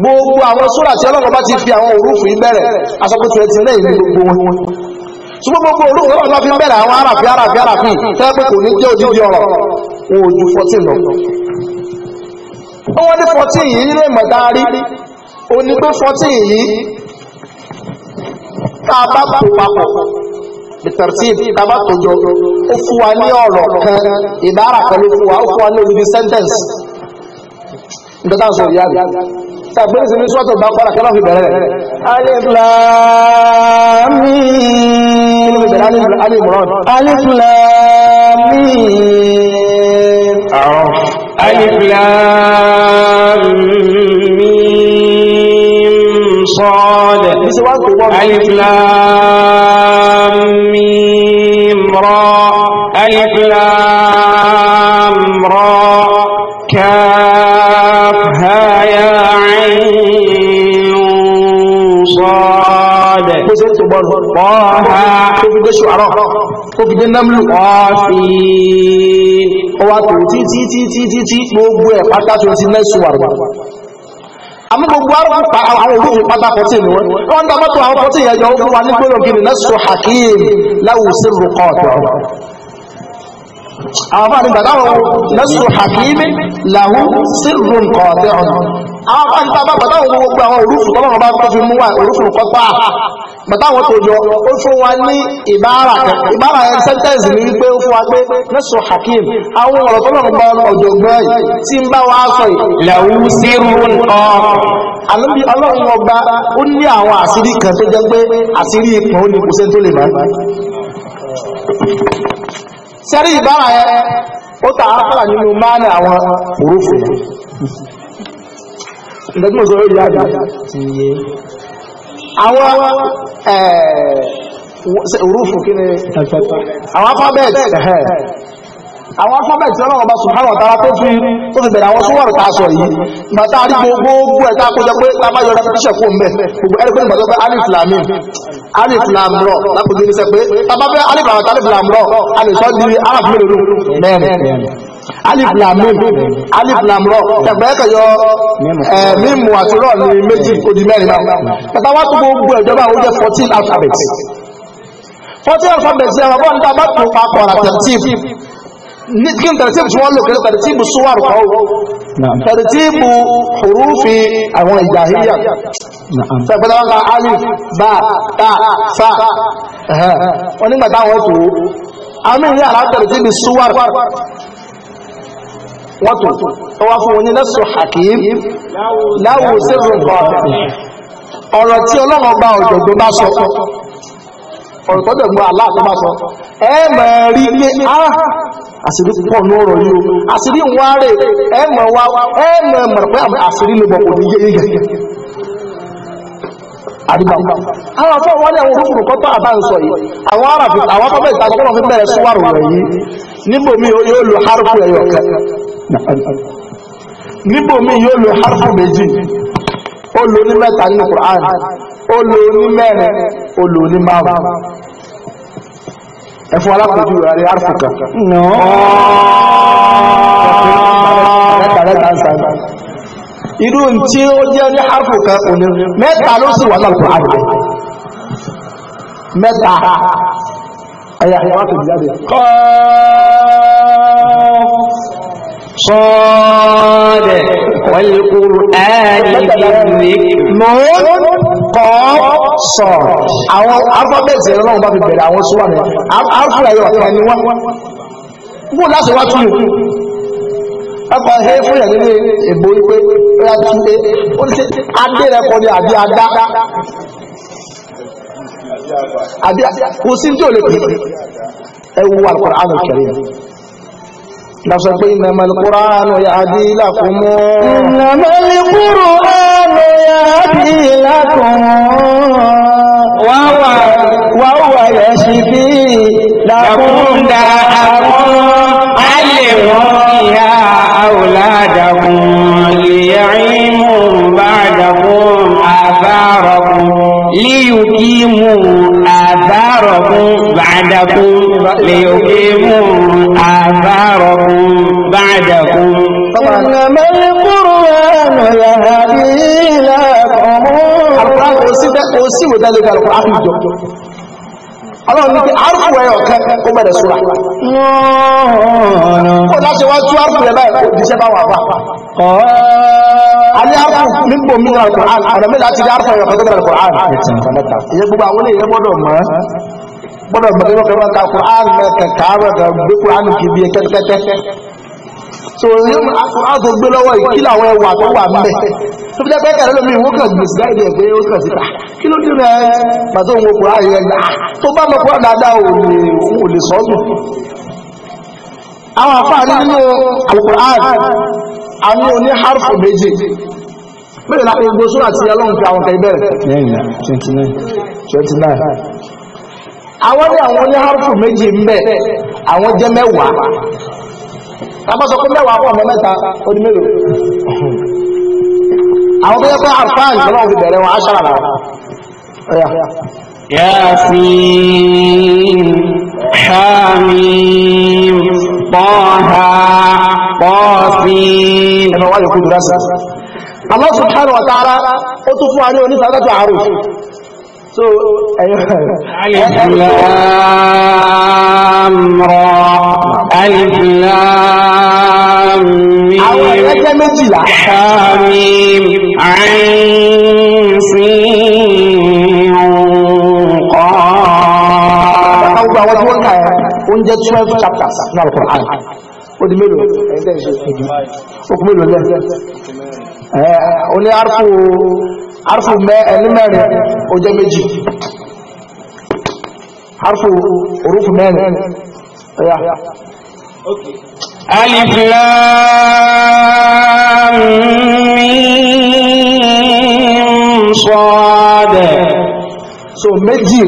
gbogbo àwọn súrà tí ọlọ́run bá ti fi àwọn òrùfù yìí bẹ̀rẹ̀ asọ́pọ̀tì rẹ̀ ti rẹ̀ ìlú gbogbo wọn ṣùgbọ́n gbogbo òrùfù ọlọ́run fi bẹ̀rẹ̀ àwọn aráàfin aráàfin aráàfin tẹ́ pé kò ní jẹ́ òjijì ọ̀rọ̀ wọn ò ju fourteen lọ. wọ́n ní fourteen yìí lè mọ̀ dárí fourteen yìí tá a bá pò papọ̀ bitartib kaba tojo ó fún wa ní ọ̀rọ̀ kan ìbára kan ló fún wa ó fún wa ní olùdí sentence nígbà táwọn sọ ìyá rẹ̀ tàbílẹ̀ sí ní sọ́tọ̀ bá kọ́ra kẹ́lá fi bẹ̀rẹ̀ rẹ̀ alif lam mim alif lam mim alif lam ألف لام را كاف ها يا عين صاد طه وفي النمل قافين واتو تي تي تي تي تي تي gbogbo ẹ̀ pátá 29 suwarwa àmú gbogbo àwọn olóògùn pátá 14 ni wọ́n wọ́n dá mọ́tò àwọn 14 yẹn jọ ó fún wa ní gbọ́dọ̀ gíní hakim láwùsí rúkọ̀ àwọn bá ní gbàdáwọ̀ lẹ́sùn hakimi làwú sírù nǹkan ọ̀tẹ́ ọ̀nà àwọn bá ní bá gbàdáwọ̀ gbogbo àwọn òrùfù tọ́lọ́wọ́ bá tó fi mú wa òrùfù nǹkan pa gbàdáwọ̀ tó jọ ó fún wa ní ìbára ìbára yẹn sẹ́ńtẹ́ǹsì ní wípé ó fún wa pé lẹ́sùn hakim àwọn ọ̀rọ̀ tọ́lọ́wọ́ bá ọ̀jọ̀gbọ́n yìí tí ń bá wa sọ yìí làwú sírù nǹkan àlóbi ọlọ́run ọba ó ní àwọn àṣírí kan tó jẹ́ pé àṣírí ipò ó ní kò sẹ́ni lè bá sẹ́rí ìbára yẹn ó ta àápàlà nínú máa ní àwọn òrófò ìdẹ́gbọ́n sọ yóò yára ti yé àwọn òrófò kí ni àwọn alphabet àwọn alphabet ọlọ́run ọba subhanahu wa ta'ala tó fi tó fi bẹ̀rẹ̀ àwọn súwọ́rù tá a sọ yìí ìgbà tá a rí gbogbo ẹ̀ tá a kójọ pé tá a bá yọ repetition fún mẹ́ gbogbo ẹ̀rí pé ìgbà tó pé alif lam alif lam rọ lápòjú ní sẹ pé tá a bá fẹ́ alif lam àti alif lam rọ a lè sọ di arab mélòó mẹ́rin alif lam mim alif lam rọ ẹgbẹ́ ẹ̀kọ́ yọ mímu àti rọ ní méjì odi mẹ́rin náà bàtà wá tó gbogbo ìjọba àwọn jẹ́ fourteen alphabet fourteen alphabet ṣe àwọn bọ́ọ̀lù tá a bá tó papọ̀ àti kí n tẹ̀rẹ̀tíbù tí wọ́n lò kí n tẹ̀rẹ̀tíbù súwàr kọ́ tẹ̀rẹ̀tíbù hurufi àwọn ìjàhíyà tẹ̀gbẹ́dẹ́ wọn ka alif ba ta sa wọn nígbà táwọn tó àmì ní àrà tẹ̀rẹ̀tíbù súwàr wọ́n tó tó wá fún wọn ní lẹ́sùn hakim láwù sẹ́fún kọ́ọ̀tẹ̀ ọ̀rọ̀ tí ọlọ́run ọba ọ̀jọ̀gbọ́n bá sọ ọ̀rọ̀ tọ́jọ̀gbọ́n aláàtọ́ bá sọ ẹ mọ̀ rí pé ah, asiri pọ̀ n'ụlọ ọ̀rọ̀ yìí o àṣírí ń wá rè ẹ̀mọ̀ wa ẹ̀mọ̀ mọ̀rọ̀ pé àwọn afọ́ wọ́n awa àwọn olùkùnrin kọ́tọ́ àbá yìí àwọn arábì àwọn afọ́ olu tàbí kọ́nà fi yóò lo yóò lo méjì ẹfún alákòójú rẹ̀ arfù kan irú tí ó jẹ́ ní arfù kan òní mẹ́ta ló sì wà náà kò àrùn mẹ́ta ẹ̀yà ìyàwó tó jáde sọ́ọ̀dẹ̀ wal Qur'ani ìgbìmọ̀ kọ́ sọ̀rọ̀ àwọn alphabet ẹ̀rọ náà bá fi bẹ̀rẹ̀ àwọn súwà ní alfa ẹ̀yọ ọ̀kan ni wọ́n bó láti wá túlù ọkọ̀ ẹ̀hẹ́ fún ìyàgbé ní èbó wípé rẹ̀ ti ṣe ó ti ṣe adé rẹ̀ kọ́ ní àbí adá àbí kò sí ní tí ò lè pè é ẹ̀wù Al-Qur'an Al-Karim lọ́sọ pé ìnàmà alìkúránù ya àdí ìlàkùnmú ìnàmà alìkúránù ya àdí ìlàkùnmú wàwà yẹ sí bí lákúndà àwọn alẹ́wọ̀n ìyá àwòládàkùn lèyàrímù bàdàkùn àbárọ̀kùn líyùkímù àbárọ̀kùn bàdàkùn lèyùkí tẹ́ o sí ìwé tẹ́lẹ̀ kan kọ́ ápì ọlọ́run ní pé àrùkù ẹ̀yọ̀ kẹ́ ó bẹ̀rẹ̀ súra kó láti wá tú àrùkù rẹ̀ báyìí kó bá wà bá a àrùkù nígbò mí náà kọ̀ àrùn mi láti rí àrùkù ẹ̀yọ̀ kẹ́ so yóò aṣọ gbé lọ́wọ́ yìí kí làwọn ẹwà tó wà mẹ́ tó fi jẹ́ pẹ́kẹ́ lọ́lọ́ mi wọ́n kàn gbé láìdí ẹ̀gbẹ́ ó kàn síta kí ló dé rẹ̀ pàtó òun okùnrin ayẹyẹ gbà tó bá mọ̀ kúrò dáadáa ò lè àwọn harfu gbogbo ti ọlọ́run fi àwọn àwọn ní harfu ń bẹ àwọn jẹ́ abọ́sọ pé mẹ́wàá pọ̀ mọ́ mẹ́ta ó di mélòó àwọn tó yẹ pé àǹfààní lọ́wọ́ fi bẹ̀rẹ̀ wọn aṣára náà ọ̀yà. yasin hamim pọ́ha pọ́sìn. ẹ̀rọ wáyé kúndùrásá. Allah subhanahu wa ta'ala ó tún fún wa ní onísàádọ́tò àrùn so alif lam ra alif lam mim àwọn ẹgbẹ́ méjìlá hamim ain sin qaf àwọn àwọn tí wọ́n kà ẹ́ ó ń chapters ní Al-Qur'an ó mélòó ẹ̀yìn tẹ́ ìṣe okùn mélòó lẹ́ẹ̀ ó ní arúfù ẹni mẹ́rin ó jẹ́ méjì arúfù orúfù mẹ́rin ọ̀yá alif lam mim sad so méjì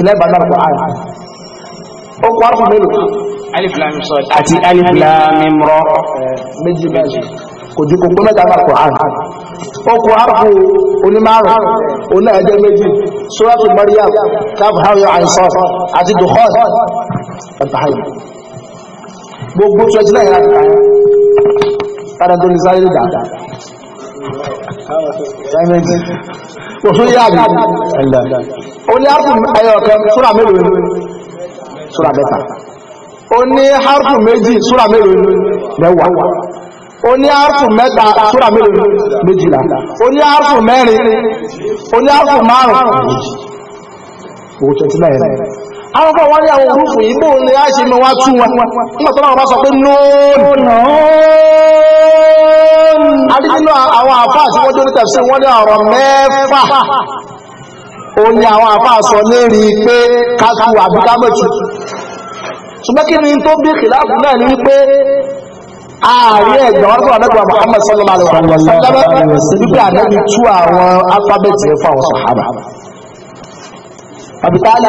ilẹ̀ bàbá rẹ̀ kọ́ ààrẹ ó kọ́ arúfù mélòó alif lam mim sad àti alif lam mim ra méjì méjì kò ju kòkó mẹ́ta bá kò hàn okò hàpù onímárùn oní ẹ̀jẹ̀ méjì sóràtù Maryam káfù hàwíyà àìsàn àti dùkọ́n ẹ̀bàáyì gbogbo 29 láti báyìí padà tó ní sáré ní dàdà sáyẹ́mẹ́ntì òṣù yá àbí ẹ̀lẹ̀ ó ní hàpù ẹyọ mélòó ni sóra mẹ́ta ó ní méjì sóra mélòó ni mẹ́wàá oní àrùfù mẹ́ta sóra mélòó méjìlá oní àrùfù mẹ́rin oní àrùfù márùn àwọn kan wọ́n ní àwọn ni a ṣe mọ́ wọn nígbà tó bá sọ pé nóònù adé àwọn àfáà tí wọ́n jó tẹ̀sí wọ́n ní ọ̀rọ̀ mẹ́fà ó àwọn àfáà sọ lérí pé ni tó bí kìláàbù náà ní wípé ààrí ẹ̀gbọ́n wọn fún àdọ́gbà Muhammad sallallahu alaihi wa sallam wípé ànábi tú àwọn alifábẹ́ẹ̀tì rẹ̀ fún àwọn sàhábà àbìtálí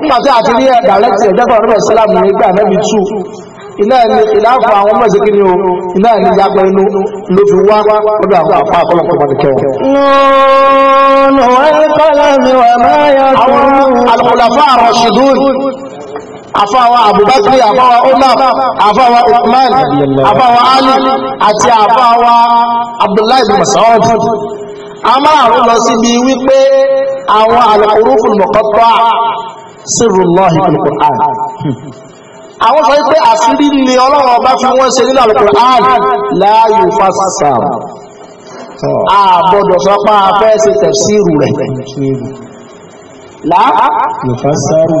nígbàtí àti ní ẹ̀dà lẹ́tì ẹ̀dẹ́gbà ọ̀rọ̀ sálàmù nígbà ànábi tú iná ẹni ìlàfà àwọn ọmọ ìsìnkí ni o iná ẹni yàgbọ́ inú ló fi wá ọdún àwọn àpá àkọlọ̀kọ̀ bá nìkẹ́ wọn. nùnú wọn kọ́lá mi wà máa yà tó. àwọn alùpùpù àfáwà àbúbákúrí àfáwà umar àfáwà uthman àfáwà ali àti àfáwà abdullahi masaud a máa rú lọ síbi wípé àwọn alhuruful muqatta'a sirrullahi fil Qur'an àwọn sọ wípé àṣírí ni ọlọ́run ọba fi wọ́n ṣe nínú al-Qur'an la yufassar àbọ̀dọ̀ sọpá afẹ́ ṣe tafsiru rẹ̀ la yufassaru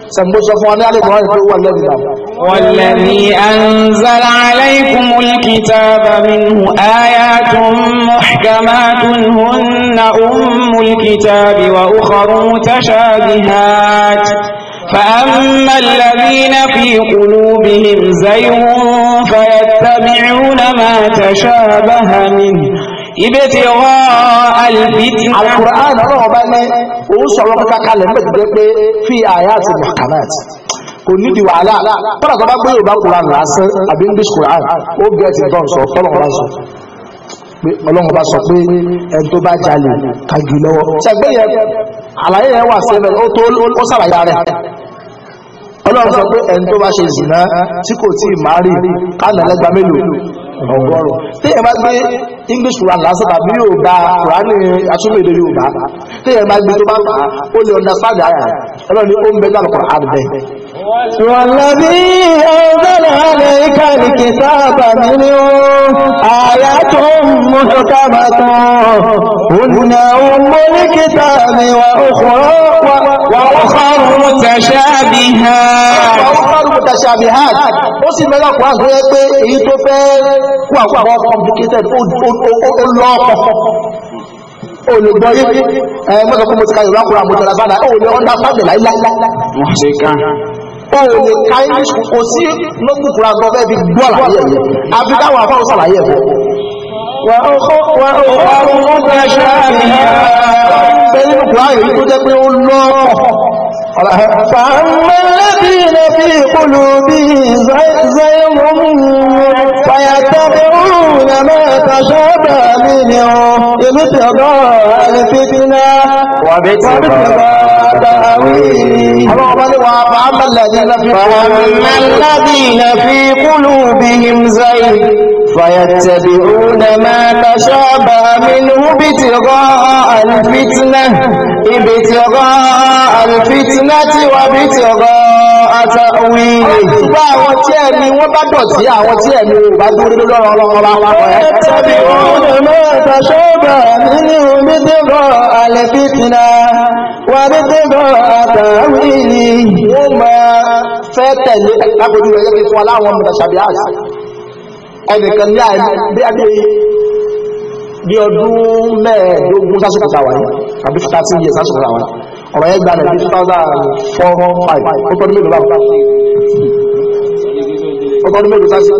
والذي أنزل عليكم الكتاب منه آيات محكمات هن أم الكتاب وأخر متشابهات فأما الذين في قلوبهم زيغ فيتبعون ما تشابه منه ibtigha al-fitna al-Qur'an ọlọ́run ọba ní òun sọ̀rọ̀ kọ́kọ́ kalẹ̀ ń bẹ̀rẹ̀ pé fi ayati muhkamat kò nídìí wàhálà kọ́nà tó bá gbé yorùbá Qur'an lásán àbí English Qur'an ó gẹ̀ ti dán sọ tọ́lọ́run bá sọ pé ọlọ́run bá sọ pé ẹni tó bá jalè kagi e lọ́wọ́ ṣẹgbẹ́ yẹn àlàyé yẹn wà sẹ́lẹ̀ ó tó ó sàlàyé rẹ̀ ọlọ́run sọ pé ẹni tó bá ṣe zìnà tí kò tí ì má rí kánà lẹ́gbàá mélòó ọgọ́rùn téèyàn bá gbé english quran lásán tàbí yorùbá quran ní asúmèdè yorùbá téèyàn bá gbé tó bá fà á ó lè understand àyà ọlọ́run ni ó ń bẹ ní àlùkò àdì bẹ́ẹ̀. wàlàbí ẹgbẹ́rẹ̀ alẹ́ ìkàlì kìtà àbàmì ni àyà tó ń mú ṣọ́ká bá tán òun ọmọ ní kìtà mi wà ó kọ́ wà ó kọ́ mú tẹ̀ṣẹ́ bí hàn mutashabihat ó sì mẹ́lá kùrán tó yẹ pé èyí tó fẹ́ kú àwọn complicated ó lọ́ọ̀kọ̀ olùgbọ́ yìí ẹ mọ́tò kó mo ti ka yorùbá kúrò àmójọ la sáadà ó lè ọ́ndà fábẹ̀ láíláí. wọ́n ṣe ká. ó ka english kò sí lókùn àgbọ̀ bẹ́ẹ̀ fi gbọ́ àlàyé ẹ̀ àfi káwọn afáwọn sàlàyé ẹ̀ fọ́. wà ó kọ́ wà ó kọ́ àwọn ọmọ ọmọ ẹ̀ṣẹ́ àti ìyá. bẹ́ẹ̀ nínú kúrò àyè yìí tó jẹ́ pé ó lọ́ọ̀ فأما الذين في قلوبهم زيغ فيتبعون ما تشابه منه ابتغاء الفتنة وابتغاء فأما الذين في قلوبهم زيغ فيتبعون ما تشابه منه ابتغاء الفتنة ابتغاء الفتنة وابتغاء تأويله Gbogbo àwọn tí ẹ̀mí wọ́n bá dọ̀tí àwọn tí ẹ̀mí wọ́n bá dúró lórí ọ̀rọ̀ ọlọ́run bá wà pẹ́. Ẹ̀tẹ́bí òun lè mọ́ ìtàṣọ́bà nínú bídébọ̀ àlẹ́fìtìnà wà bídébọ̀ àtàwìlì yóò máa fẹ́ tẹ̀lé lápòjú rẹ̀ yẹ́ kí fún aláwọn mọ̀tàṣàbíà ẹnìkan ní àìbí bí ọdún mẹ́ẹ̀ẹ́dógún sásìkò tàwà ní àbí 13 years sásìkò tàwà ní ọ̀rọ̀ yẹn gbalẹ̀ bí 2004-5 ó tọ́dún mélòó báwọn ó tọ́dún mélòó sásìkò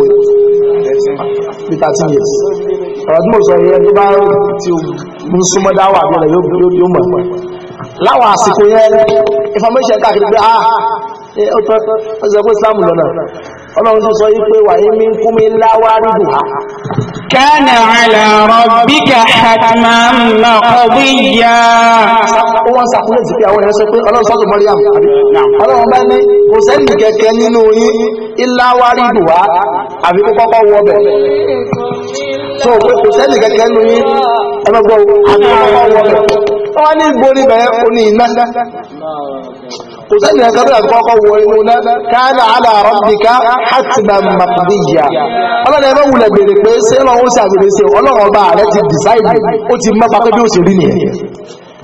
bí 13 years ọ̀rọ̀ tí mo sọ yẹn tó bá ti ń súnmọ́ dáwà bí ọ̀rọ̀ yóò mọ̀ láwọn information káàkiri pé ah ó tọ́ ó sọ ọlọ́run tó sọ yí pé wàyí mi ń kún mi láwárí dùn ha. kana ala rabbika hatman maqdiya. ó wọ́n sàkúlẹ̀ sí pé àwọn èèyàn sọ pé ọlọ́run sọ́tò Maryam ọlọ́run bá ní kò sẹ́ni kẹ̀kẹ́ nínú yín ìláwárí dùn ha àbí kó kọ́kọ́ wọ ọbẹ̀. sọ pé kò sẹ́ni kẹ̀kẹ́ nínú yín ẹgbẹ́ gbọ́ àbí kó kọ́kọ́ wọ ọbẹ̀ wọ́n ní ìgbórí bẹ̀rẹ̀ kò ní iná kò sẹ́ni ẹ̀kọ́ bí àkọ́kọ́ wọ inú náà káàdà aláàrọ̀ bí ká hàtìmá màkìdíyà ọlọ́dẹ ẹgbẹ́ wulẹ̀ bèrè pé ṣé ọlọ́run ó ṣàgbèrè ṣe ọlọ́run ọba rẹ ti dìsáìdì ó ti mọ́ papẹ́ bí ó ṣe rí nìyẹn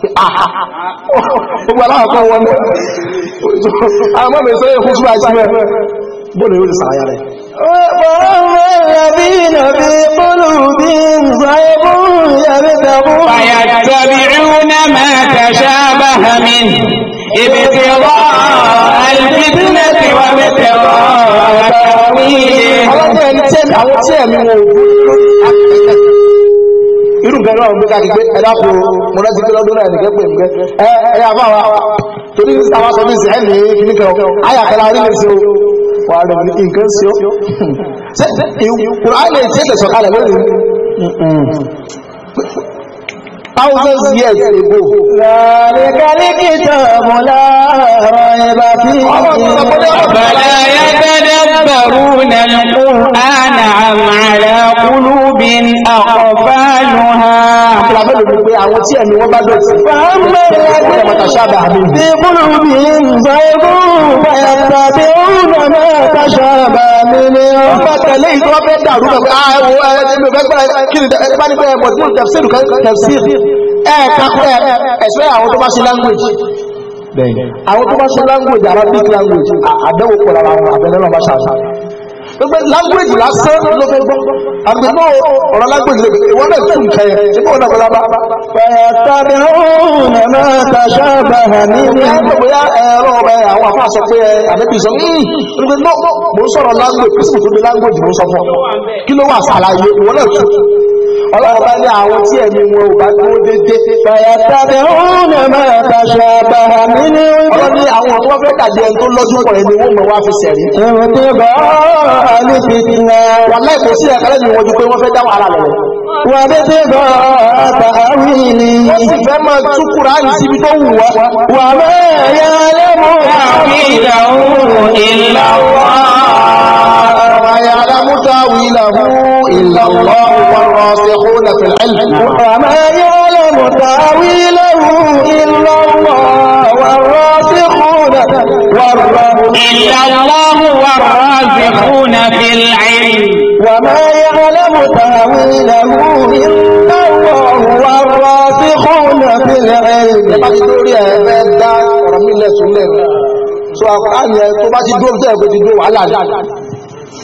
gbogbo aláàkọ́ wọn ní àwọn mọ́mí sọ èkú túbà sí mẹ́ bọ́ọ̀lù yóò sàáyà rẹ̀ فيتبعون ما تشابه منه ابتغاء الفتنة وابتغاء تأويله nǹkan náà gbé káàkiri pé ẹ̀dá kò mo rántí pé lọ́dún náà nìkan pè nìkan ẹ ẹ àbá wa torí àwọn sọ fíìsì ẹnì kìíní kan ayà kan láàrin lè ṣe wà á rẹ̀ nǹkan ṣe o ṣe ìkùrọ̀ á lè ṣe ìtẹ̀sọ̀ lórí thousands years ago. ذلك الكتاب لا ريب فيه ولا يتدارك يتدبرون القرآن أم على قلوب أقفالها àwọn tí ẹ̀mí wọ́n bá dọ̀tí. Fáàmì ẹgbẹ́ ìpàtàṣàbà mi. Bí búrú mi ń gbẹ́rù ẹ̀tàbí òun ọmọ ìpàtàṣàbà mi ni ó. Bá tẹ̀lé ìtọ́ fẹ́ dàrú lọ́pẹ́ àwọ̀ ẹ̀ẹ́dẹ́gbẹ̀rẹ̀ ẹgbẹ́ kí ni ẹgbẹ́ nípa ẹ̀mọ̀ tí ó tẹ̀síìrù kan tẹ̀síìrù. Ẹ̀ẹ̀kakọ̀ ẹ̀ṣẹ́ àwọn tó bá ṣe language àwọn tó bá ṣe language Arabic language àdánwò pọ̀ lára bá ṣàṣà gbogbo language lásán ló fẹ́ gbọ́ àgbẹ̀mọ́ ọ̀rọ̀ language lè wọ́n náà tún kẹ́ ẹ̀ ṣe bọ́ ọ̀nà kọ́lá bá. fẹ̀tàbí ọ̀hún ẹ̀mẹ́ tàṣà bàhà ní ní. bóyá ẹ̀rọ ọ̀rẹ́ àwọn àfa sọ pé àbẹ́bí sọ gbogbo hmm, mò ń sọ̀rọ̀ language kí sì tún di language mò ń sọ fún ọ ọlọ́run bá ní àwọn tí ẹ̀mí wọn ò bá dúró dédé. fàyàtàbẹ̀ òun ẹ̀mọ́ ẹ̀tàṣà bàrà mí ní wíwọ́ ní àwọn tó fẹ́ dàbí ẹni tó lọ́dún pọ̀ ẹni wọ́n mọ̀ wá fi sẹ̀rí. ẹ̀rọ tó bá àlùfí nà. wọn láì kò sí ẹ̀ka lẹ́yìn wọn ju pé wọ́n fẹ́ dá wàhálà lọ. wà á dédé bọ̀ àtàwí ni. wọ́n sì fẹ́ máa tú kúránì síbi tó wù wá. wà á bẹ́ẹ̀ yá àwọn ìdáhùn ìlà wá. إله إلا الله والراسخون في العلم وما يعلم تأويله إلا الله والراسخون إلا الله والراسخون في العلم وما يعلم تأويله إلا الله والراسخون في العلم tó àkọ́ يا tó bá ti dúró على ti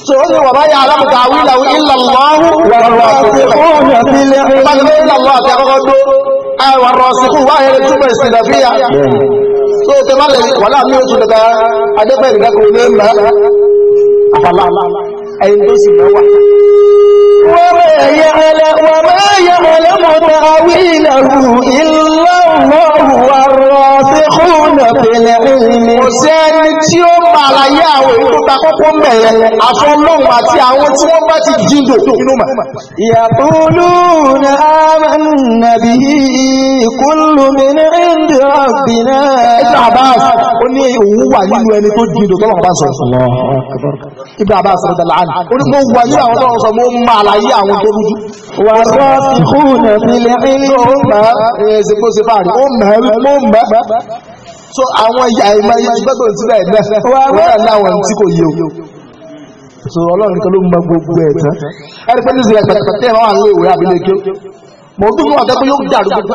sọ́rọ́ wà báyà alábùkà àwílàwí ìlàláhù وما يعلم وما يعلم تأويله إلا الله والراسخون kò sí ẹni tí ó pàlàyé àwọn èyí tó ta kókó mẹ́rẹ̀ àfọlọ́hùn àti àwọn tí wọ́n bá ti jíndò nínú mà. yaquluna amanna bihi kullu min indi rabbina. ibà abbas ó ní òun wà nínú ẹni tó jíndò tọ́lọ̀ bá sọ. ibà abbas rẹ̀ dàlá àná ó ní mo wà nínú àwọn tọ́lọ̀ sọ mo mọ àlàyé àwọn tó rújú. wà á sọ fìkú nàbílẹ̀ ilé ó ó mọ̀ ẹ́ so àwọn ìyá ìmọ̀ iye ṣùgbọ́n tó ń síbẹ̀ náà wọ́n náà láwọn tí kò yẹ o so ọlọ́run nìkan ló mọ gbogbo ẹ̀ tán ẹni pé nísìnyí pẹ̀tẹ̀pẹ̀tẹ̀ ìrànwọ́ àwọn ìwé àbílẹ̀ kí mo tún mú ọ̀tẹ́ pé yóò dàrú gbogbo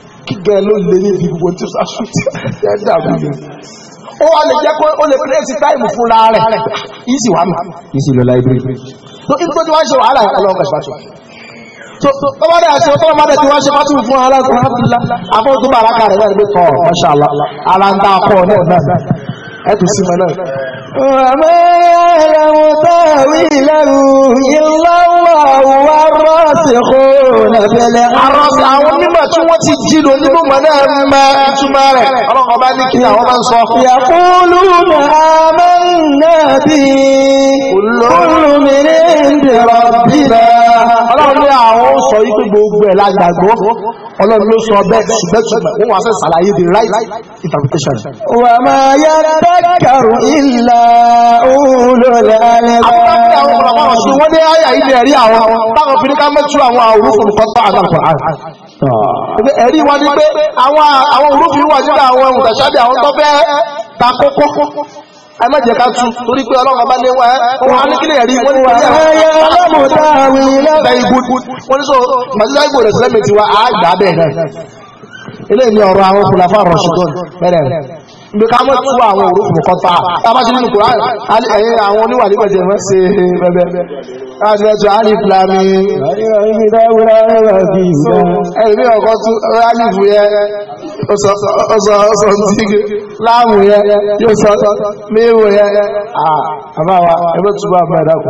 kígẹ ló lè ní ibi gbogbo tí sàṣù tí ẹ dàbí yẹn ó wà lè jẹ́ pé ó lè kírèsì táìmù fúnra rẹ̀ yìí sì wà mí. yìí sì lọ láìbírì. tó ibi tó ti wáá ṣe wàhálà ọlọ́run kàṣà tó. tó bá dẹ̀ ṣe tó bá dẹ̀ ti wáá ṣe fásitì fún ara rẹ̀ alhamdulillah àbọ̀ tó bá ara rẹ̀ náà ló tọ̀ masha Allah ara ń dá akọ náà náà ẹ̀ tó sì وما يعلم تاويله إلا الله والراسخون في الأرض àwọn mímọ̀ tí wọ́n ti jí lò nínú mọ̀ náà mọ ìtumọ̀ rẹ̀ ọlọ́kọ̀ bá ní kí àwọn bá ń sọ. yàkúlù àmọ́ náà bí olùmìnirin dìrọ̀ bíbẹ̀ ọlọ́run ní àwọn ó sọ yí pé gbogbo ẹ̀ lágbàgbọ́ ọlọ́run ló sọ bẹ́ẹ̀ ṣùgbẹ́tùmọ̀ wọ́n wá fẹ́ sàlàyé the right interpretation. wà máa yẹ dákàrú ìlà olólè alẹ́. àwọn ọmọdé àwọn ọmọdé wọn ṣe wọ́n ní àyà ilẹ̀ rí àwọn táwọn fi ní ká mẹ́tú àwọn àwòrán kọ́tà àdàpọ̀ àrùn. ẹ̀rí wọn ni pé àwọn òrùfin wà nígbà àwọn mùtàṣáde àwọn tó fẹ́ ẹ má jẹ́ ká tú torí pé ọlọ́run bá léwá ẹ wọn á ní kílẹ̀ rí wọn ní kílẹ̀ ẹ ọlọ́mọdé àwọn ilé ẹ̀ ibu wọn ní sọ màtíláì gbòòrò sílẹ̀ mi ti wá àgbà bẹ́ẹ̀ eléyìí ni ọ̀rọ̀ àwọn fúlàfà rọ̀ṣùdọ́n bẹ́ẹ̀ gbé ká mọ́ tú àwọn òrùkù kan fa tábà sí nínú Kùránì ẹ̀yìn àwọn oníwà nígbà tí wọ́n ṣe bẹ́bẹ́ láti fẹ́ tu alif lami ẹ̀yìn bí ọkọ̀ tú alif yẹ ọsọ ti láàmù yẹ yóò sọ mímù yẹ àbáwa ẹgbẹ́ tu bá bá ẹ̀dá kù.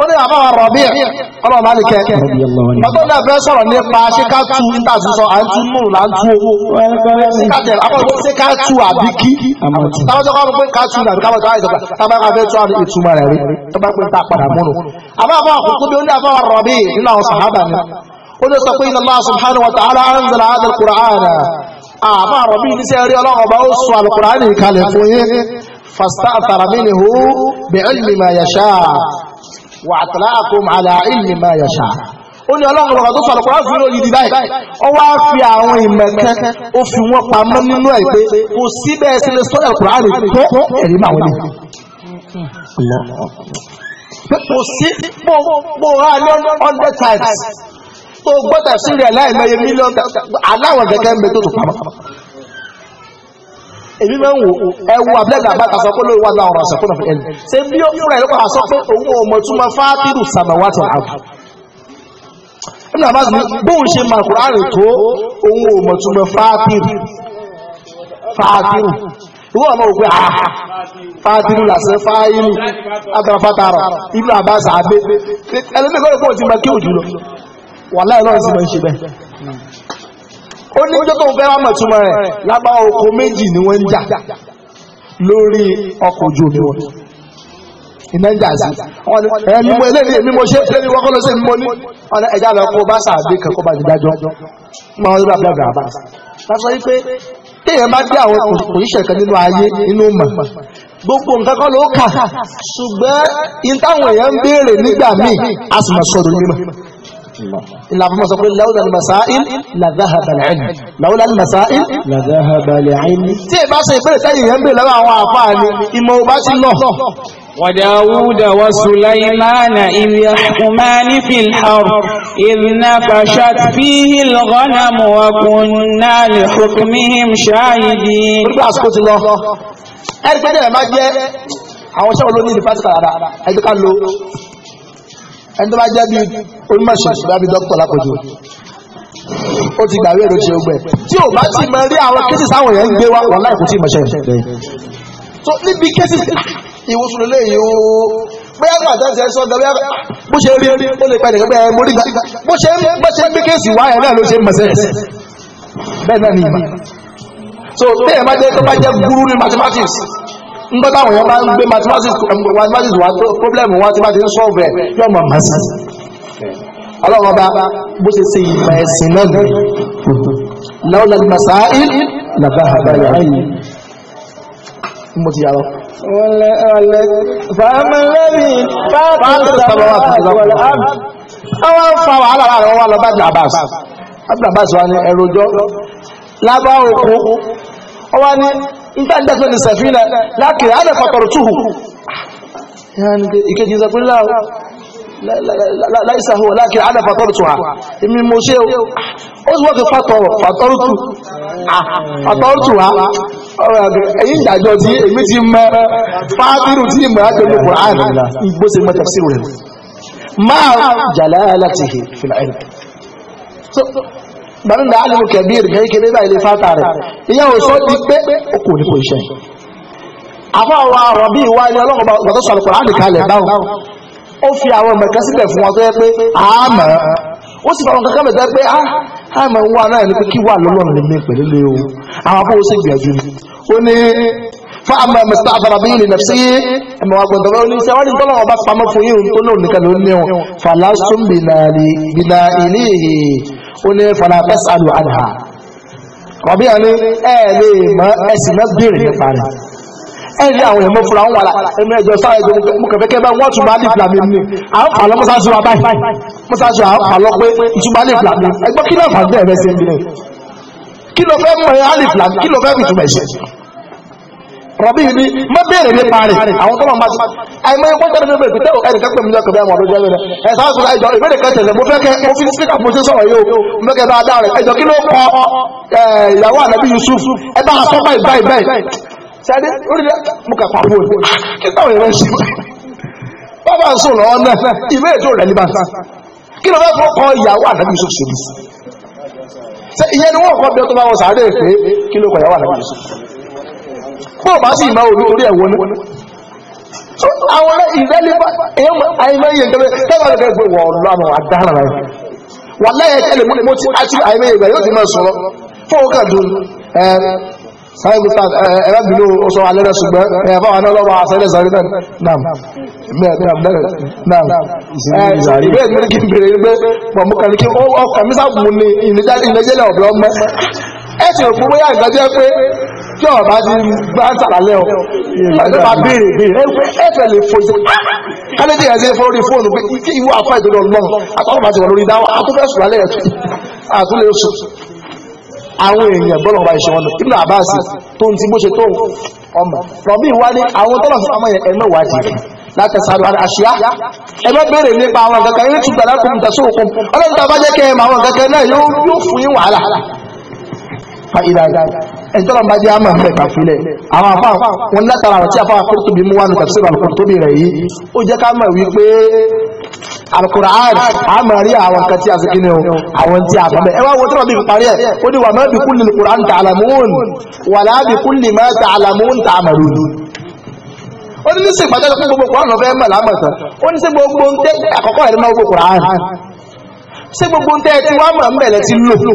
ó ní àbá wa rọ̀bí ẹ̀ ọlọ́run bá lè kẹ́ ọdún náà fẹ́ sọ̀rọ̀ nípa ṣé ká tu níta sísọ à ń tu múrù là ń tu owó síkàtẹ̀ àbọ̀dé ṣé ká tu àbí kí táwọn tó kọ́ pé ká tu àbí káwọn tó wáyé sọ̀rọ̀ tábà ká fẹ́ tu àwọn ìtumọ̀ rẹ̀ rí tó bá pé ta padà múnu. àbá àbá àkókò bí ó ní àbá wa rọ̀bí nínú àwọn sàhábà ni ó ní sọ iná Allah subhanahu wa ta'ala anzala hadha al-Qur'an àbá rọ̀bí ma yasha' wà àtàlákùn àlà ìlì máa yẹ̀ṣà ó ní ọlọ́run ọ̀rọ̀ tó sọ̀rọ̀ pọ̀lá fún olórí dídá ẹ̀ ó wá fi àwọn ìmẹ̀kẹ́ ó fi wọ́n pamọ́ nínú ẹ̀ pé kò sí bẹ́ẹ̀ sí lè sọ́yà kùránì tó ẹ̀rí máa wọlé kò sí pò rà ní hundred times tó gbọ́dọ̀ sí rẹ̀ láìmọye mílíọ̀nù aláwọ̀ gẹ́gẹ́ ń bẹ tó tó pamọ́ èmi máa ń wò ẹwù abẹ́lẹ́dà bá ta sọ pé lórí wà láwọn ọ̀sẹ̀ fún ọ̀fẹ́ ẹni ṣe bí ó fúnra ẹ̀ ló padà pé òun ò mọ̀ túmọ̀ fáátìrù sàmàwátì àbù ẹni àbá bóun ṣe máa kúrò tó òun ò mọ̀ túmọ̀ ìwọ ọmọ òkú àhà làṣẹ àtàrà fátàrà àbá ó ní jọ́ tó ń fẹ́ wá mọ̀ túmọ̀ rẹ̀ lágbára oko méjì ni wọ́n ń jà lórí ọkọ̀ ojú omi wọn iná ń jà sí ẹ mímọ eléyìí èmi mo ṣe eléyìí wọ́n kọ́ ló ṣe mímọ ní ọ̀nà ẹ̀já lọ kó bá sàbí kankan bá ti dájọ́ máa wọ́n bá bàbá bá sọ wípé téèyàn bá dé àwọn òṣìṣẹ́ kan nínú ayé nínú mọ̀ gbogbo nǹkan kọ́ ló kà ṣùgbọ́n ìtàwọn èèyàn ń béèrè nígbà míì a sì máa sọ̀rọ̀ nímọ̀ ìlànà fún sọ pé lawla al-masail la dhahaba al-ilm lawla al-masail la dhahaba al-ilm. tí ìbá ṣe ìbéèrè sẹ́yìn yẹn ń bèèrè lọ́wọ́ àwọn àfáà ni ìmọ̀ ò bá ti lọ. وداود وسليمان إذ يحكمان في الحرب إذ نفشت فيه الغنم وكنا لحكمهم شاهدين ẹgbẹ́ náà máa jẹ́ àwọn ṣẹ́ olóní ìdí pásítà rárá ẹgbẹ́ ká lo ẹni tó bá jẹ́ bí onímọ̀ṣẹ́ bá bí dókítà lápòjù ó ti gbàwé èrò ti ogbẹ tí ò bá ti mọ rí àwọn kéṣìṣì àwọn yẹn ń gbé wá wọn láì kò tí ì mọṣẹ so níbi kéṣìṣì ìwòsàn lè yìí ó bóyá gbà tẹ́sí ẹ sọ́dọ̀ bóyá bó ṣe rí ó lè pẹ̀lẹ́ pẹ́ mórí gbà bó ṣe ń bó ṣe ń gbé kéṣì wá ẹ̀ náà ló ṣe ń mọ̀ṣẹ́ bẹ́ẹ̀ náà ni ìmọ̀ so bẹ́ẹ̀ bá jẹ́ tó bá jẹ́ gúrú ní mathematics ńgbọ́ táwọn èèyàn bá ń gbé mathematics eh, wá problem wá tí bá ti ń solve ẹ̀ yóò mọ̀ mọ̀ sí ọlọ́run ọba bó ṣe ṣe ìgbà ẹ̀sìn náà nù láwọn lẹ́nu masáìl làbá àbáyà yìí mo ti yà lọ. fàámà àwọn wàhálà ẹrọjọ lábá òkú ọwọ́ ni ìta ìdásílẹ̀ ní sàfínà lákìrì á lè fàtọ̀rọ̀ túhù ìkejì sọ pé láìsà hù lákìrì á lè fàtọ̀rọ̀ túhà ah, èmi mo ṣe ó sì wọ́n ti fàtọ̀rọ̀ fàtọ̀rọ̀ tù ah, fàtọ̀rọ̀ tù wá èyí ń dàjọ tí èmi ti mọ fàtírù tí ìmọ̀ da alimu kabir kẹyí kẹbí báyìí lè fata rẹ ìyẹn o so di pé ó kò ní kò iṣẹ́ àfọwọ́ ọ̀rọ̀ bíi wá ní ọlọ́run gbọ́dọ̀ sọ̀rọ̀ kọ̀ọ̀rọ̀ àdìkalẹ̀ báwọn ó fi àwọn mẹ̀kẹ́ síbẹ̀ fún kankan ah, o àwọn ni ó ní fara tẹ́sàlù àdìhà rọ̀bí àní ẹ̀ lè mọ ẹ̀sìn náà béèrè nípa rẹ̀ ẹ̀ ní àwọn èèmọ̀ fúra ń wà ẹnu ẹjọ́ sáré jọ mọ̀kẹ̀fẹ́kẹ́ bá wọ́n túnbá lè fìlà mi ní àwọn àlọ́ mọ́sáàsì wa báyìí mọ́sáàsì àwọn àlọ́ pé ìtúbá lè fìlà mi ẹgbẹ́ kí ló fà ń bẹ̀rẹ̀ sí ẹ̀mí kí ló fẹ́ mọ̀ ẹ́ alif lam kí ló fẹ́ fi túmọ̀ ẹ̀ṣẹ̀ rọ̀bí ibi má bèèrè nípa rẹ̀ àwọn tọ́lọ̀ máa àìmọ́ ẹgbọ́n tẹ́lẹ̀ fẹ́ bèèrè tẹ́lẹ̀ ẹnìkan pẹ̀lú ìjọ kẹfẹ́ àwọn àdójọ́ rẹ̀ ẹ̀sà àṣùlá ìjọ ìbéèrè kan tẹ̀lẹ̀ mo fẹ́ kẹ́ mo fi síkà mo ṣe sọ̀rọ̀ yóò mẹ́kẹ́ bá dá rẹ̀ ẹjọ́ kí ló kọ ìyàwó ànábì Yusuf ẹ bá sọ báyìí báyìí báyìí sẹ́dí orí rẹ̀ mo kà pa owó ah, kí táwọn èèyàn ṣe bábà ń sùn lọ́wọ́ náà ìwé ètò rẹ̀ níbà kí ló fẹ́ fọ́ kọ ìyàwó ànábì Yusuf ṣe bí ìyẹn ni wọ́n kọ́ bí ọ tó bá wọn sàárè pé kí ló kọ ìyàwó ànábì Yusuf bó bá sì máa orí orí ẹ̀wọ̀n ní so àwọn ìrẹ́lẹ́bà àìmọye ìgbẹ̀rẹ̀ tẹ́bà lè gbẹ̀ wọ̀ lọ́nà àdára rẹ̀ wà láyé tẹ́lẹ̀ mú ti àti àìmọye ìgbẹ̀ yóò ti máa sọ̀rọ̀ fóókà dùn ẹ̀rẹ́bìnú oṣù alẹ́rẹ́ ṣùgbọ́n ẹ̀fọ́ àwọn ọlọ́wọ́ àṣẹ́lẹ̀ sọ̀rọ̀ náà ìbéèrè mi kí n bèrè pé pọ̀mùkàn kí ọkọ̀ mi sábùn ní ìnìjẹ́lẹ̀ ọ̀bẹ̀ ọgbẹ́ ẹ̀sìn òpópóyà ìgbàjẹ́ pé tí ọba ti gbá sàlálẹ́ ọ ló bá béèrè béèrè ẹ̀fẹ̀ lè fo ìṣe kálíjì yẹn ti fọ́ orí fóònù pé kí ìwọ afọ ìdọ́dọ̀ lọ́n àtọ́wọ́ bá ti wà lórí dáwọ́ àtúfẹ́ sùlálẹ́ ẹ̀ àtúlẹ̀ oṣù àwọn èèyàn gbọ́dọ̀ ọba ìṣẹ́ wọn lọ Ibn Abbas tó ń ti bó ṣe tó ọmọ rọ̀bí wá ní àwọn tọ́lọ̀ sí ọmọ yẹn ẹ̀ náà wájì látẹ̀sàdù àṣíyá ẹgbẹ́ bèèrè nípa àwọn kankan yìí tún gbàdá kún tẹ̀sùnkún ọlọ́run tàbá jẹ́ kẹ́ ẹ̀mà àwọn kankan náà yóò fún yín wàhálà ẹ̀ńtọ́lá bá jẹ́ àmà mẹ́ta filẹ̀ àwọn afá wọn látara àti afá Qurtubi mú wánu tafsir al-Qurtubi rẹ̀ yìí ó jẹ́ ká mọ̀ wípé al-Qur'an àmà rí àwọn kan tí a sì kíni o àwọn tí a bá bẹ̀ ẹ wá wo tí wọ́n bí parí ẹ̀ ó ní wà má bi kulli al-Qur'an ta'lamun wà lá bi kulli ma ta'lamun ta'malun ó ní sí ìpàtẹ́lẹ̀ fún gbogbo Qur'an ọ̀fẹ́ mọ̀ lámọ̀tán ó ní sí gbogbo ń tẹ́ àkọ́kọ́ ẹ̀rí máa gbogbo Qur'an sí gbogbo ń tẹ́ ẹ ti wá ti lò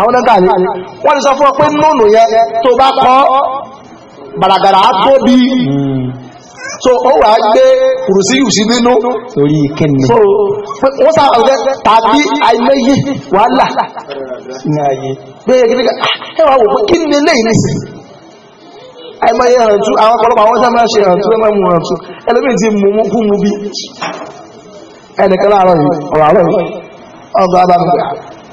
àwọn náà ní wọ́n ti sọ fún ọ pé nónù yẹn tó bá kọ́ bàràgàrà á tó bí so ó wà gbé kùrùsí yù sí nínú torí ìkẹ́ni so wọ́n sá ọ̀gẹ́ tàbí àìlẹ́yẹ wàhálà ní ayé pé ẹgbẹ́ ẹwà wò pé kí ni eléyìí nìsí àìmọye ẹ̀hàntú àwọn ọ̀pọ̀lọpọ̀ àwọn sáà máa ṣe ẹ̀hàntú ẹ̀mọ́ mu ẹ̀hàntú ẹlẹ́bí ti mú mú kú mú bí ẹnìkan láàárọ̀ yìí ọ̀rọ̀ àárọ̀ yìí ọ̀gá bá mi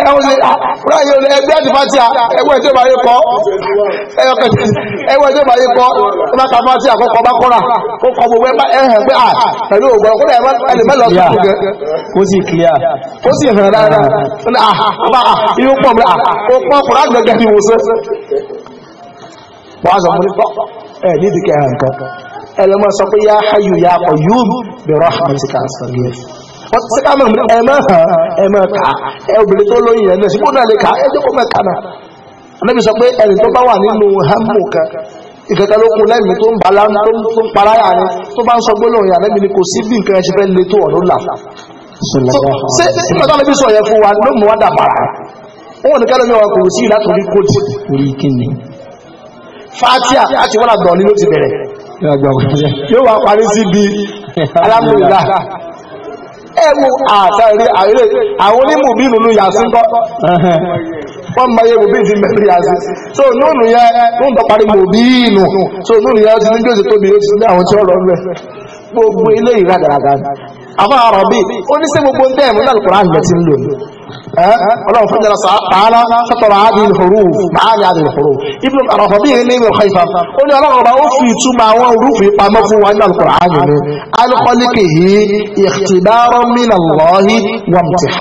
ẹ̀wọ̀n ṣe ah, fúra yìí olè ẹgbẹ́ àdìfàtì à ah, ẹwọ́ ẹjọ́ ìbáyé kọ́ ẹyọ kẹsì ẹwọ́ ẹjọ́ ìbáyé kọ́ ẹ má kàfà sí àkọ́kọ́ bá kọ́ra ah, ó kọ́ gbogbo ẹ̀hẹ̀ lọ sí sì sì dáadáa mi wọ́n ti sẹ́ká mọ̀ ẹ máa hàn ẹ máa kà á ẹ obìnrin tó lóyún ẹ̀ náà sípò náà lè kà ẹ jẹ́ kó náà anábì sọ pé ẹni tó bá wà nínú hamu kan ìkẹta lẹ́mìí tó ń bala tó ń paráyà ni tó bá ń sọ gbólóhùn yà lẹ́mìí ni kò sí bí nǹkan ẹ ṣe fẹ́ le tó ọ̀rọ̀ là ṣe nígbà tó lẹ́bí sọ yẹn fún wa ló mú wa dà bàrà wọn ní kẹlẹ́ mi wà kò sí látòrí fatia láti wọ́n àgbọ̀n ni ló ti bẹ̀rẹ̀ yóò wá parí sí bí ẹwù àtàrí àìrè àwọn onímù bí nínú yàsí kọ́ wọ́n mọ iye mòbí ìdí mẹ́rin yàsí so nínú yẹn nínú tó parí mòbí inú so nínú yẹn ti ní bí ó ti tóbi ó ti ní àwọn tí ó rọ ń bẹ gbogbo ilé ìradàradà àwọn àrọ̀bí oníṣẹ́ gbogbo ń tẹ́ ẹ̀mú náà Kùránì àgbẹ̀ ti ń lò ní ọlọ́run fún jẹ́rọ sàálà sọ́tọ̀rọ̀ àdìl huruf màáni àdìl huruf ibn al-arabi ilé ìwé khaifa ó ní ọlọ́run ọba ó fi ìtumọ̀ àwọn orúfin pamọ́ fún wa nínú al-Qur'an ni alkọ́líkì yìí ikhtibaran min Allahi wa imtihan